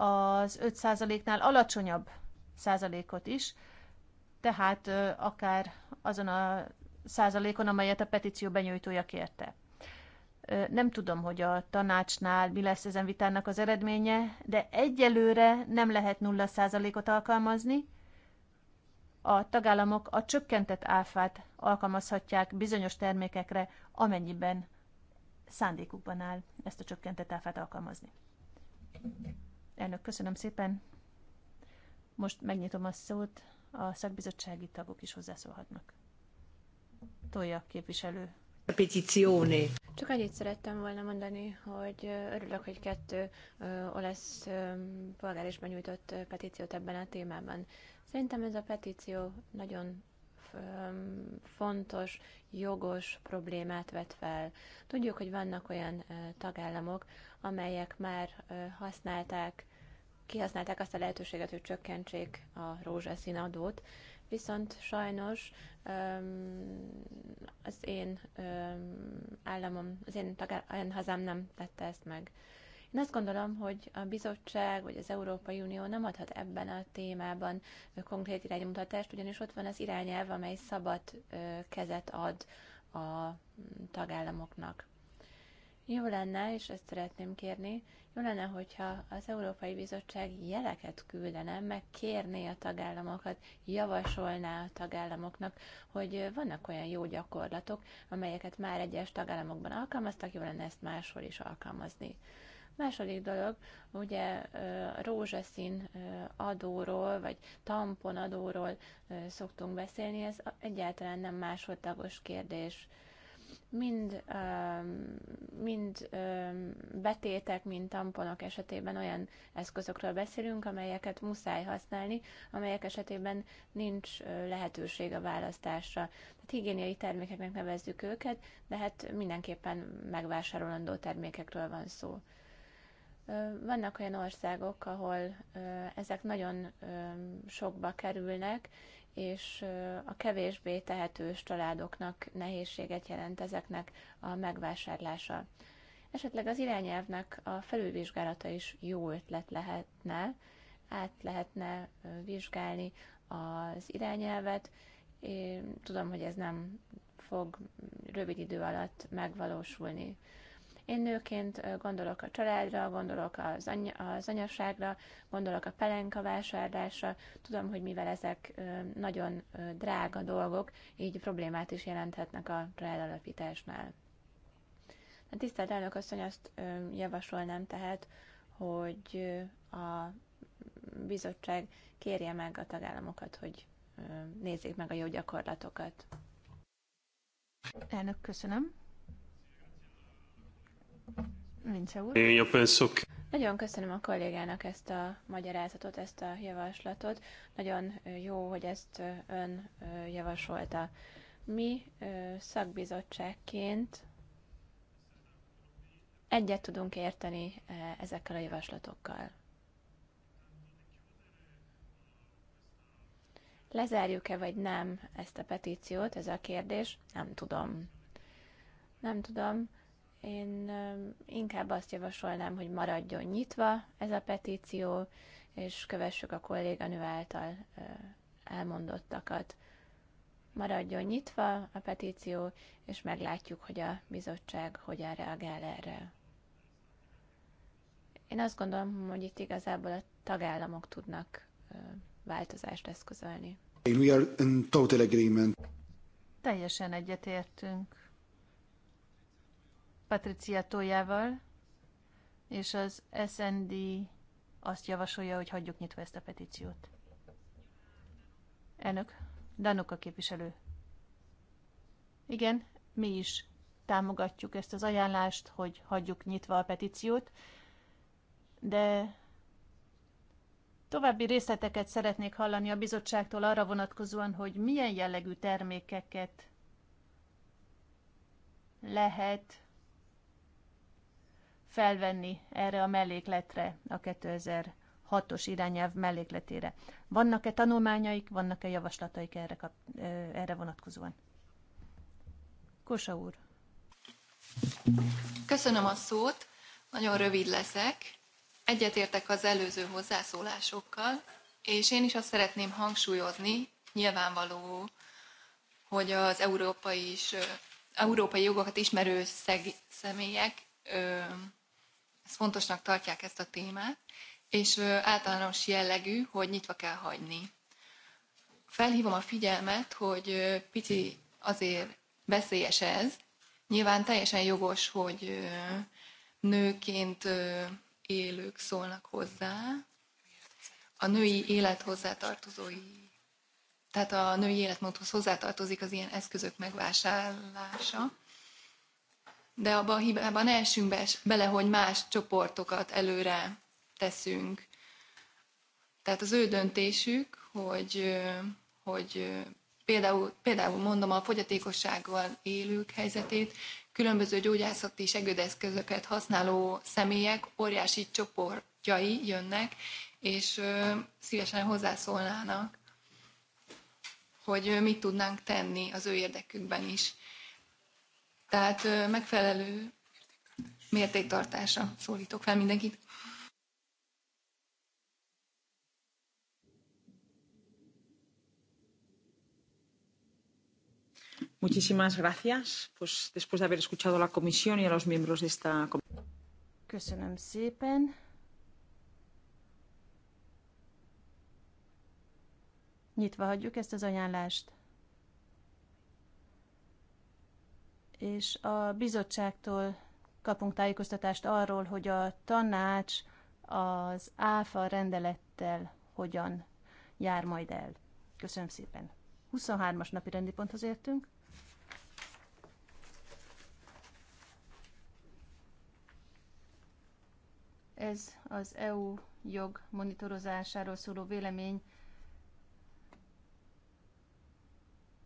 az 5%-nál alacsonyabb százalékot is, tehát akár azon a százalékon, amelyet a petíció benyújtója kérte. Nem tudom, hogy a tanácsnál mi lesz ezen vitának az eredménye, de egyelőre nem lehet nulla százalékot alkalmazni. A tagállamok a csökkentett áfát alkalmazhatják bizonyos termékekre, amennyiben szándékukban áll ezt a csökkentett áfát alkalmazni. Elnök, köszönöm szépen. Most megnyitom a szót, a szakbizottsági tagok is hozzászólhatnak. Tolja képviselő. Petitione. Csak annyit szerettem volna mondani, hogy örülök, hogy kettő olasz polgár is benyújtott petíciót ebben a témában. Szerintem ez a petíció nagyon fontos, jogos problémát vet fel. Tudjuk, hogy vannak olyan tagállamok, amelyek már használták kihasználták azt a lehetőséget, hogy csökkentsék a rózsaszín adót, viszont sajnos az én államom, az én, tagá, én hazám nem tette ezt meg. Én azt gondolom, hogy a bizottság vagy az Európai Unió nem adhat ebben a témában konkrét iránymutatást, ugyanis ott van az irányelv, amely szabad kezet ad a tagállamoknak. Jó lenne, és ezt szeretném kérni, jó lenne, hogyha az Európai Bizottság jeleket küldene, meg kérné a tagállamokat, javasolná a tagállamoknak, hogy vannak olyan jó gyakorlatok, amelyeket már egyes tagállamokban alkalmaztak, jó lenne ezt máshol is alkalmazni. Második dolog, ugye rózsaszín adóról, vagy tampon adóról szoktunk beszélni, ez egyáltalán nem másodlagos kérdés mind, mind betétek, mind tamponok esetében olyan eszközökről beszélünk, amelyeket muszáj használni, amelyek esetében nincs lehetőség a választásra. Tehát higiéniai termékeknek nevezzük őket, de hát mindenképpen megvásárolandó termékekről van szó. Vannak olyan országok, ahol ezek nagyon sokba kerülnek, és a kevésbé tehetős családoknak nehézséget jelent ezeknek a megvásárlása. Esetleg az irányelvnek a felülvizsgálata is jó ötlet lehetne, át lehetne vizsgálni az irányelvet. Én tudom, hogy ez nem fog rövid idő alatt megvalósulni. Én nőként gondolok a családra, gondolok az, any- az anyaságra, gondolok a pelenka vásárlásra, tudom, hogy mivel ezek nagyon drága dolgok, így problémát is jelenthetnek a alapításnál. A tisztelt elnök asszony azt javasolnám tehát, hogy a bizottság kérje meg a tagállamokat, hogy nézzék meg a jó gyakorlatokat. Elnök, köszönöm. Vince úr. Én Nagyon köszönöm a kollégának ezt a magyarázatot, ezt a javaslatot. Nagyon jó, hogy ezt ön javasolta. Mi szakbizottságként egyet tudunk érteni ezekkel a javaslatokkal. Lezárjuk-e vagy nem ezt a petíciót, ez a kérdés? Nem tudom. Nem tudom én inkább azt javasolnám, hogy maradjon nyitva ez a petíció, és kövessük a kolléganő által elmondottakat. Maradjon nyitva a petíció, és meglátjuk, hogy a bizottság hogyan reagál erre. Én azt gondolom, hogy itt igazából a tagállamok tudnak változást eszközölni. We are in total agreement. Teljesen egyetértünk. Patricia Tójával, és az SND azt javasolja, hogy hagyjuk nyitva ezt a petíciót. Elnök, Danuka képviselő. Igen, mi is támogatjuk ezt az ajánlást, hogy hagyjuk nyitva a petíciót, de további részleteket szeretnék hallani a bizottságtól arra vonatkozóan, hogy milyen jellegű termékeket lehet felvenni erre a mellékletre, a 2006-os irányelv mellékletére. Vannak-e tanulmányaik, vannak-e javaslataik erre, kap, erre vonatkozóan? Kosa úr. Köszönöm a szót, nagyon rövid leszek. Egyetértek az előző hozzászólásokkal, és én is azt szeretném hangsúlyozni, nyilvánvaló, hogy az európai, is, európai jogokat ismerő szeg, személyek ö, ezt fontosnak tartják ezt a témát, és általános jellegű, hogy nyitva kell hagyni. Felhívom a figyelmet, hogy pici azért veszélyes ez. Nyilván teljesen jogos, hogy nőként élők szólnak hozzá, a női élet hozzátartozói, tehát a női életmódhoz hozzátartozik az ilyen eszközök megvásárlása de abban a hibában elsünk be, bele, hogy más csoportokat előre teszünk. Tehát az ő döntésük, hogy, hogy például, például mondom a fogyatékossággal élők helyzetét, különböző gyógyászati segédeszközöket használó személyek óriási csoportjai jönnek, és szívesen hozzászólnának, hogy mit tudnánk tenni az ő érdekükben is. Tehát megfelelő mértéktartása szólítok fel mindenkit. Muchísimas gracias. Pues después de haber escuchado a la comisión y a los miembros de esta comisión. szépen. Nyitva hagyjuk ezt az ajánlást. és a bizottságtól kapunk tájékoztatást arról, hogy a tanács az ÁFA rendelettel hogyan jár majd el. Köszönöm szépen. 23-as napi rendi ponthoz értünk. Ez az EU jog monitorozásáról szóló vélemény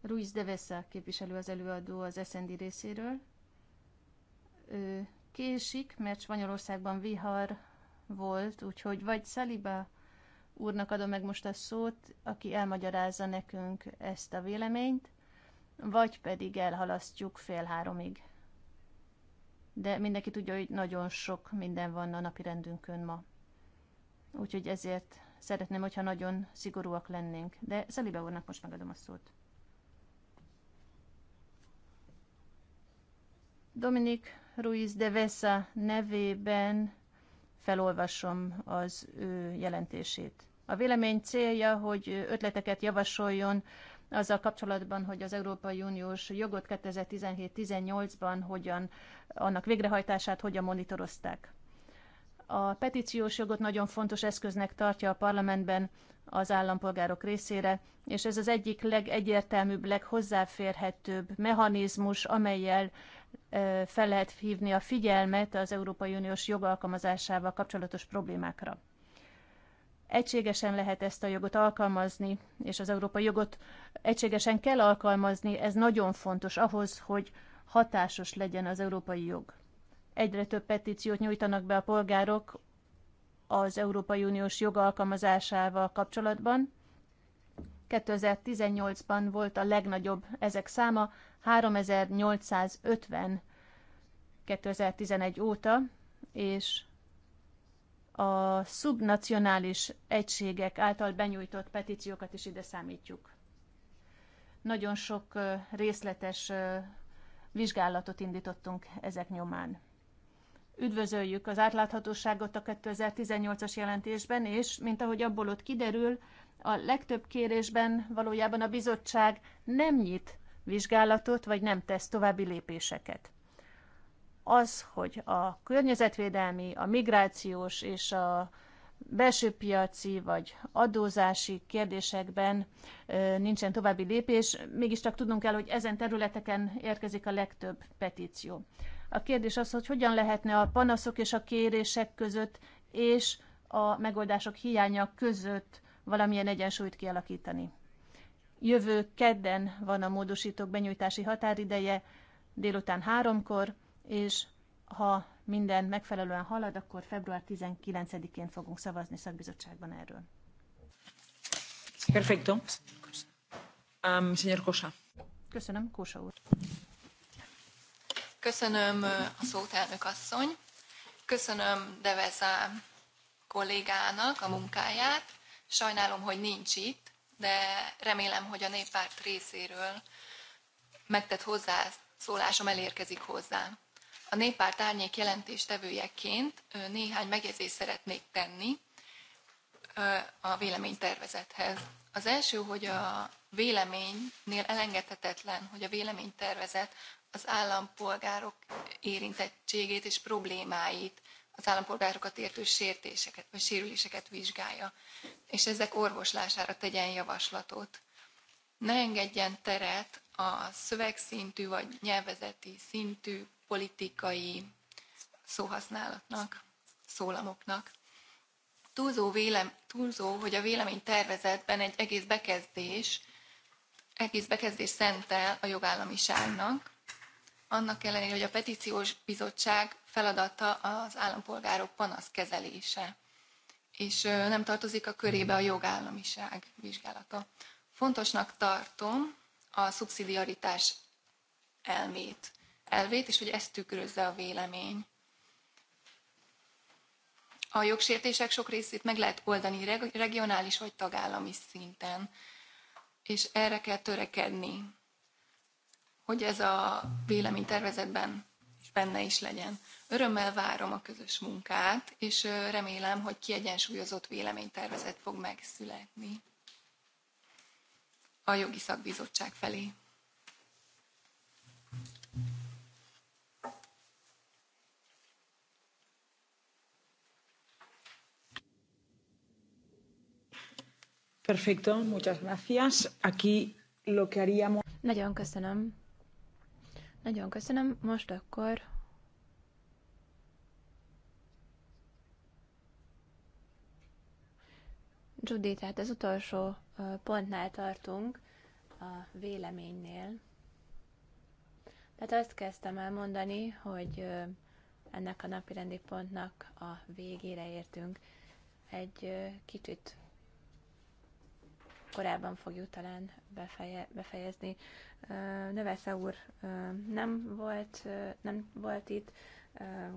Ruiz de Vessa képviselő az előadó az SND részéről. Ő késik, mert Spanyolországban vihar volt, úgyhogy vagy Szaliba úrnak adom meg most a szót, aki elmagyarázza nekünk ezt a véleményt, vagy pedig elhalasztjuk fél háromig. De mindenki tudja, hogy nagyon sok minden van a napi rendünkön ma. Úgyhogy ezért szeretném, hogyha nagyon szigorúak lennénk. De Szelibe úrnak most megadom a szót. Dominik Ruiz de Vesa nevében felolvasom az ő jelentését. A vélemény célja, hogy ötleteket javasoljon azzal kapcsolatban, hogy az Európai Uniós jogot 2017-18-ban hogyan, annak végrehajtását hogyan monitorozták. A petíciós jogot nagyon fontos eszköznek tartja a parlamentben az állampolgárok részére, és ez az egyik legegyértelműbb, leghozzáférhetőbb mechanizmus, amelyel fel lehet hívni a figyelmet az Európai Uniós jogalkalmazásával kapcsolatos problémákra. Egységesen lehet ezt a jogot alkalmazni, és az európai jogot egységesen kell alkalmazni, ez nagyon fontos ahhoz, hogy hatásos legyen az európai jog. Egyre több petíciót nyújtanak be a polgárok az Európai Uniós jogalkalmazásával kapcsolatban, 2018-ban volt a legnagyobb ezek száma, 3850 2011 óta, és a szubnacionális egységek által benyújtott petíciókat is ide számítjuk. Nagyon sok részletes vizsgálatot indítottunk ezek nyomán. Üdvözöljük az átláthatóságot a 2018-as jelentésben, és mint ahogy abból ott kiderül, a legtöbb kérésben valójában a bizottság nem nyit vizsgálatot, vagy nem tesz további lépéseket. Az, hogy a környezetvédelmi, a migrációs és a belső piaci vagy adózási kérdésekben nincsen további lépés, mégiscsak tudnunk kell, hogy ezen területeken érkezik a legtöbb petíció. A kérdés az, hogy hogyan lehetne a panaszok és a kérések között és a megoldások hiánya között valamilyen egyensúlyt kialakítani. Jövő kedden van a módosítók benyújtási határideje, délután háromkor, és ha minden megfelelően halad, akkor február 19-én fogunk szavazni szakbizottságban erről. Perfecto. Um, señor Kosa. Köszönöm, Kósa úr. Köszönöm a szót, elnök asszony. Köszönöm Deveza kollégának a munkáját Sajnálom, hogy nincs itt, de remélem, hogy a néppárt részéről megtett hozzászólásom elérkezik hozzá. A néppárt árnyék jelentéstevőjeként néhány megjegyzést szeretnék tenni a véleménytervezethez. Az első, hogy a véleménynél elengedhetetlen, hogy a véleménytervezet az állampolgárok érintettségét és problémáit az állampolgárokat értő sértéseket vagy sérüléseket vizsgálja, és ezek orvoslására tegyen javaslatot. Ne engedjen teret a szövegszintű vagy nyelvezeti szintű politikai szóhasználatnak, szólamoknak. Túlzó, vélem, túlzó, hogy a vélemény tervezetben egy egész bekezdés, egész bekezdés szentel a jogállamiságnak, annak ellenére, hogy a petíciós bizottság feladata az állampolgárok panaszkezelése, és nem tartozik a körébe a jogállamiság vizsgálata. Fontosnak tartom a szubszidiaritás elmét, elvét, és hogy ezt tükrözze a vélemény. A jogsértések sok részét meg lehet oldani regionális vagy tagállami szinten, és erre kell törekedni hogy ez a véleménytervezetben is benne is legyen. Örömmel várom a közös munkát, és remélem, hogy kiegyensúlyozott véleménytervezet fog megszületni a jogi szakbizottság felé. Perfecto, muchas gracias. Aquí lo que haríamos... Nagyon köszönöm. Nagyon köszönöm. Most akkor Judy, tehát az utolsó pontnál tartunk, a véleménynél. Tehát azt kezdtem el mondani, hogy ennek a napirendi pontnak a végére értünk. Egy kicsit korábban fogjuk talán befeje, befejezni. Növesze úr nem volt, nem volt itt,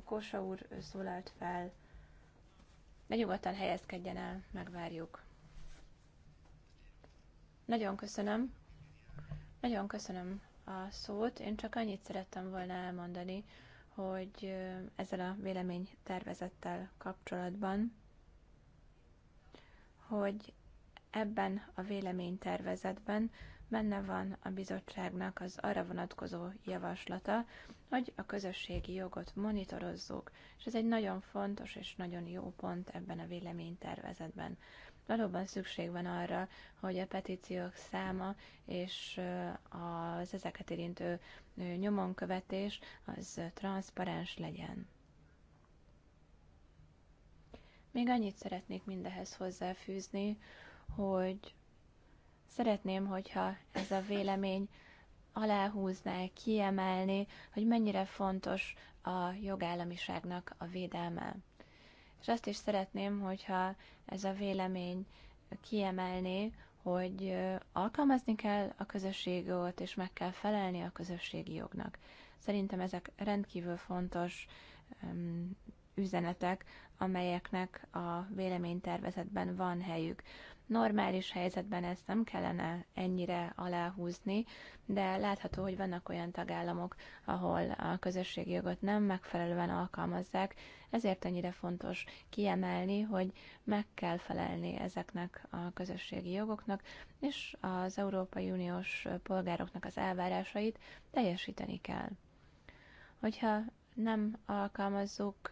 Kósa úr szólalt fel, de nyugodtan helyezkedjen el, megvárjuk. Nagyon köszönöm. Nagyon köszönöm a szót. Én csak annyit szerettem volna elmondani, hogy ezzel a vélemény tervezettel kapcsolatban, hogy Ebben a véleménytervezetben benne van a bizottságnak az arra vonatkozó javaslata, hogy a közösségi jogot monitorozzuk, és ez egy nagyon fontos és nagyon jó pont ebben a véleménytervezetben. Valóban szükség van arra, hogy a petíciók száma és az ezeket érintő nyomonkövetés az transzparens legyen. Még annyit szeretnék mindehhez hozzáfűzni, hogy szeretném, hogyha ez a vélemény aláhúzná, kiemelni, hogy mennyire fontos a jogállamiságnak a védelme. És azt is szeretném, hogyha ez a vélemény kiemelni, hogy alkalmazni kell a közösségi jogot, és meg kell felelni a közösségi jognak. Szerintem ezek rendkívül fontos üzenetek, amelyeknek a véleménytervezetben van helyük. Normális helyzetben ezt nem kellene ennyire aláhúzni, de látható, hogy vannak olyan tagállamok, ahol a közösségi jogot nem megfelelően alkalmazzák, ezért annyira fontos kiemelni, hogy meg kell felelni ezeknek a közösségi jogoknak, és az Európai Uniós polgároknak az elvárásait teljesíteni kell. Hogyha nem alkalmazzuk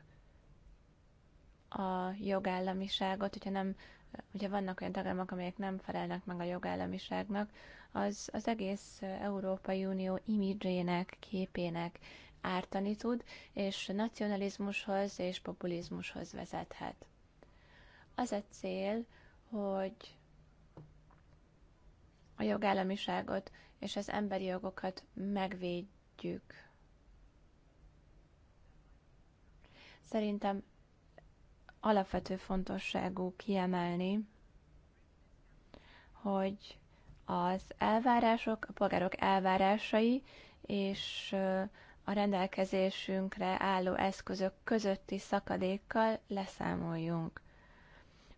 a jogállamiságot, hogyha nem hogyha vannak olyan tagállamok, amelyek nem felelnek meg a jogállamiságnak, az az egész Európai Unió imidzsének, képének ártani tud, és nacionalizmushoz és populizmushoz vezethet. Az a cél, hogy a jogállamiságot és az emberi jogokat megvédjük. Szerintem alapvető fontosságú kiemelni, hogy az elvárások, a polgárok elvárásai és a rendelkezésünkre álló eszközök közötti szakadékkal leszámoljunk.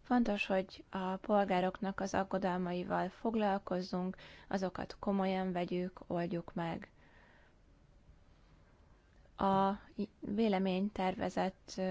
Fontos, hogy a polgároknak az aggodalmaival foglalkozzunk, azokat komolyan vegyük, oldjuk meg. A véleménytervezet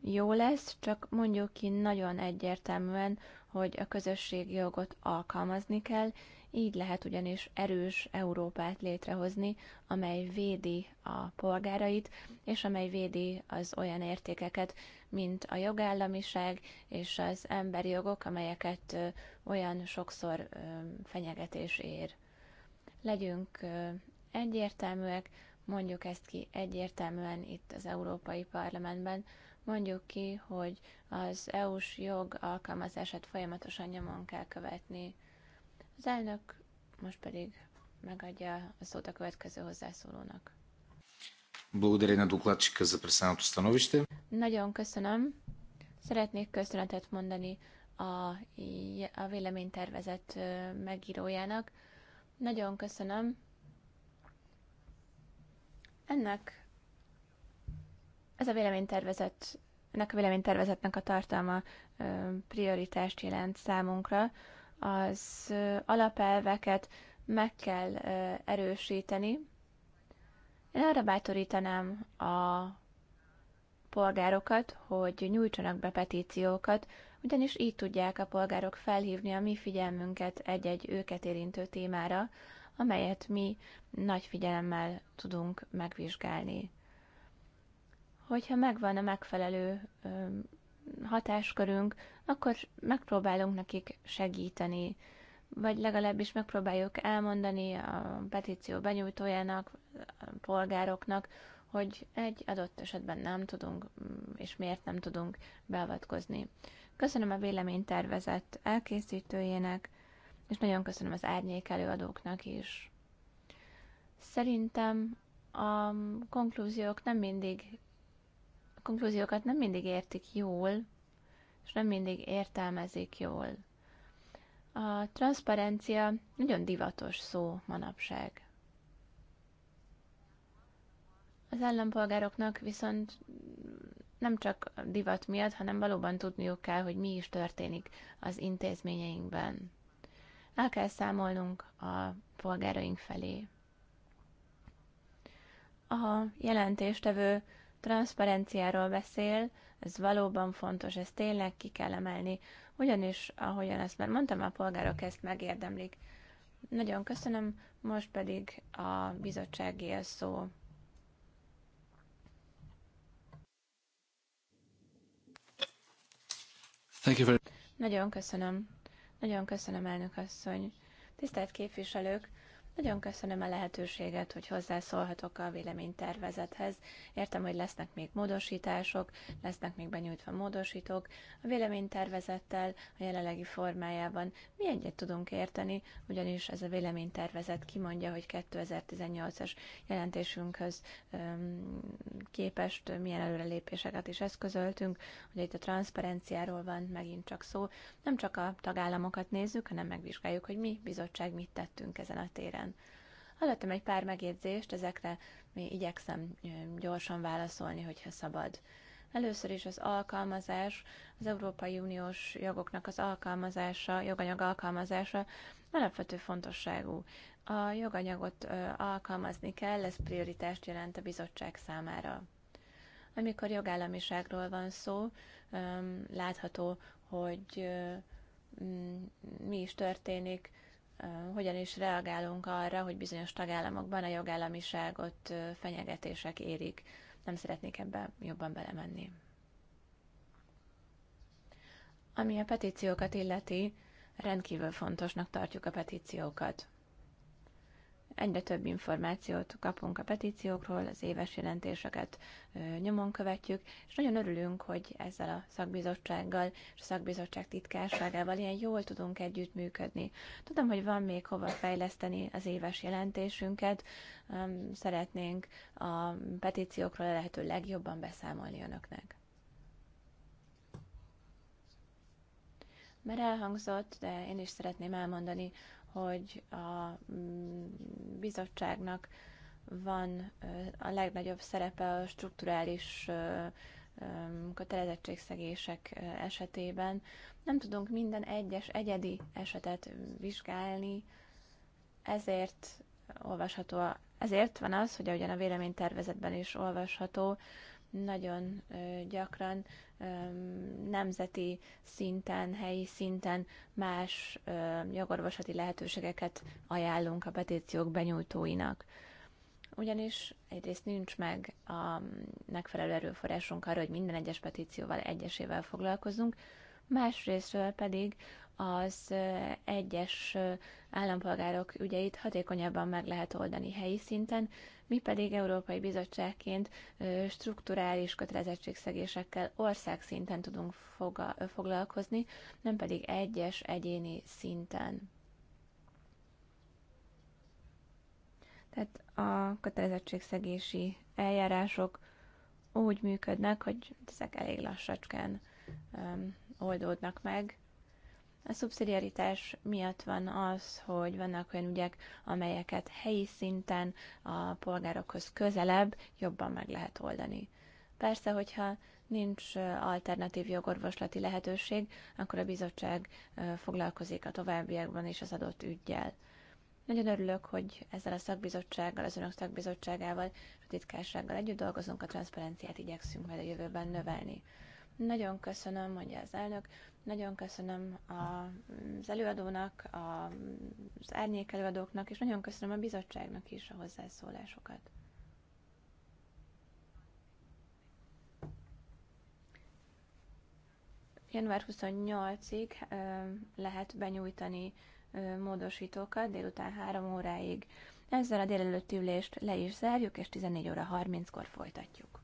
jó lesz, csak mondjuk ki nagyon egyértelműen, hogy a közösségi jogot alkalmazni kell, így lehet ugyanis erős Európát létrehozni, amely védi a polgárait, és amely védi az olyan értékeket, mint a jogállamiság és az emberi jogok, amelyeket olyan sokszor fenyegetés ér. Legyünk egyértelműek, mondjuk ezt ki egyértelműen itt az Európai Parlamentben, Mondjuk ki, hogy az EU-s jog alkalmazását folyamatosan nyomon kell követni. Az elnök most pedig megadja a szót a következő hozzászólónak. Nagyon köszönöm. Szeretnék köszönetet mondani a, a véleménytervezet megírójának. Nagyon köszönöm. Ennek ez a véleménytervezet, ennek a véleménytervezetnek a tartalma prioritást jelent számunkra. Az alapelveket meg kell erősíteni. Én arra bátorítanám a polgárokat, hogy nyújtsanak be petíciókat, ugyanis így tudják a polgárok felhívni a mi figyelmünket egy-egy őket érintő témára, amelyet mi nagy figyelemmel tudunk megvizsgálni hogyha megvan a megfelelő hatáskörünk, akkor megpróbálunk nekik segíteni, vagy legalábbis megpróbáljuk elmondani a petíció benyújtójának, a polgároknak, hogy egy adott esetben nem tudunk, és miért nem tudunk beavatkozni. Köszönöm a véleménytervezet elkészítőjének, és nagyon köszönöm az árnyék előadóknak is. Szerintem a konklúziók nem mindig konklúziókat nem mindig értik jól, és nem mindig értelmezik jól. A transzparencia nagyon divatos szó manapság. Az állampolgároknak viszont nem csak divat miatt, hanem valóban tudniuk kell, hogy mi is történik az intézményeinkben. El kell számolnunk a polgáraink felé. A jelentéstevő transzparenciáról beszél, ez valóban fontos, ezt tényleg ki kell emelni, ugyanis, ahogyan ezt már mondtam, a polgárok ezt megérdemlik. Nagyon köszönöm, most pedig a bizottsági szó. Thank you very... Nagyon köszönöm. Nagyon köszönöm, elnök asszony. Tisztelt képviselők, nagyon köszönöm a lehetőséget, hogy hozzászólhatok a véleménytervezethez. Értem, hogy lesznek még módosítások, lesznek még benyújtva módosítók. A véleménytervezettel a jelenlegi formájában mi egyet tudunk érteni, ugyanis ez a véleménytervezet kimondja, hogy 2018-as jelentésünkhöz képest milyen előrelépéseket is eszközöltünk. Ugye itt a transzparenciáról van megint csak szó. Nem csak a tagállamokat nézzük, hanem megvizsgáljuk, hogy mi bizottság mit tettünk ezen a téren kapcsolatban. Hallottam egy pár megjegyzést, ezekre mi igyekszem gyorsan válaszolni, hogyha szabad. Először is az alkalmazás, az Európai Uniós jogoknak az alkalmazása, joganyag alkalmazása alapvető fontosságú. A joganyagot alkalmazni kell, ez prioritást jelent a bizottság számára. Amikor jogállamiságról van szó, látható, hogy mi is történik hogyan is reagálunk arra, hogy bizonyos tagállamokban a jogállamiságot fenyegetések érik. Nem szeretnék ebbe jobban belemenni. Ami a petíciókat illeti, rendkívül fontosnak tartjuk a petíciókat. Egyre több információt kapunk a petíciókról, az éves jelentéseket nyomon követjük, és nagyon örülünk, hogy ezzel a szakbizottsággal és a szakbizottság titkárságával ilyen jól tudunk együttműködni. Tudom, hogy van még hova fejleszteni az éves jelentésünket, szeretnénk a petíciókról a lehető legjobban beszámolni önöknek. Mert elhangzott, de én is szeretném elmondani, hogy a mm, bizottságnak van a legnagyobb szerepe a strukturális kötelezettségszegések esetében. Nem tudunk minden egyes egyedi esetet vizsgálni, ezért olvasható, ezért van az, hogy ahogyan a véleménytervezetben is olvasható, nagyon gyakran nemzeti szinten, helyi szinten más jogorvoslati lehetőségeket ajánlunk a petíciók benyújtóinak. Ugyanis egyrészt nincs meg a megfelelő erőforrásunk arra, hogy minden egyes petícióval egyesével foglalkozunk, másrésztről pedig az egyes állampolgárok ügyeit hatékonyabban meg lehet oldani helyi szinten, mi pedig Európai Bizottságként strukturális kötelezettségszegésekkel országszinten tudunk foglalkozni, nem pedig egyes egyéni szinten. Tehát a kötelezettségszegési eljárások úgy működnek, hogy ezek elég lassacskán oldódnak meg, a szubszidiaritás miatt van az, hogy vannak olyan ügyek, amelyeket helyi szinten a polgárokhoz közelebb jobban meg lehet oldani. Persze, hogyha nincs alternatív jogorvoslati lehetőség, akkor a bizottság foglalkozik a továbbiakban is az adott ügyjel. Nagyon örülök, hogy ezzel a szakbizottsággal, az önök szakbizottságával, a titkársággal együtt dolgozunk, a transzparenciát igyekszünk majd a jövőben növelni. Nagyon köszönöm, mondja az elnök, nagyon köszönöm az előadónak, az árnyék előadóknak, és nagyon köszönöm a bizottságnak is a hozzászólásokat. Január 28-ig lehet benyújtani módosítókat délután 3 óráig. Ezzel a délelőtti ülést le is zárjuk, és 14 óra 30-kor folytatjuk.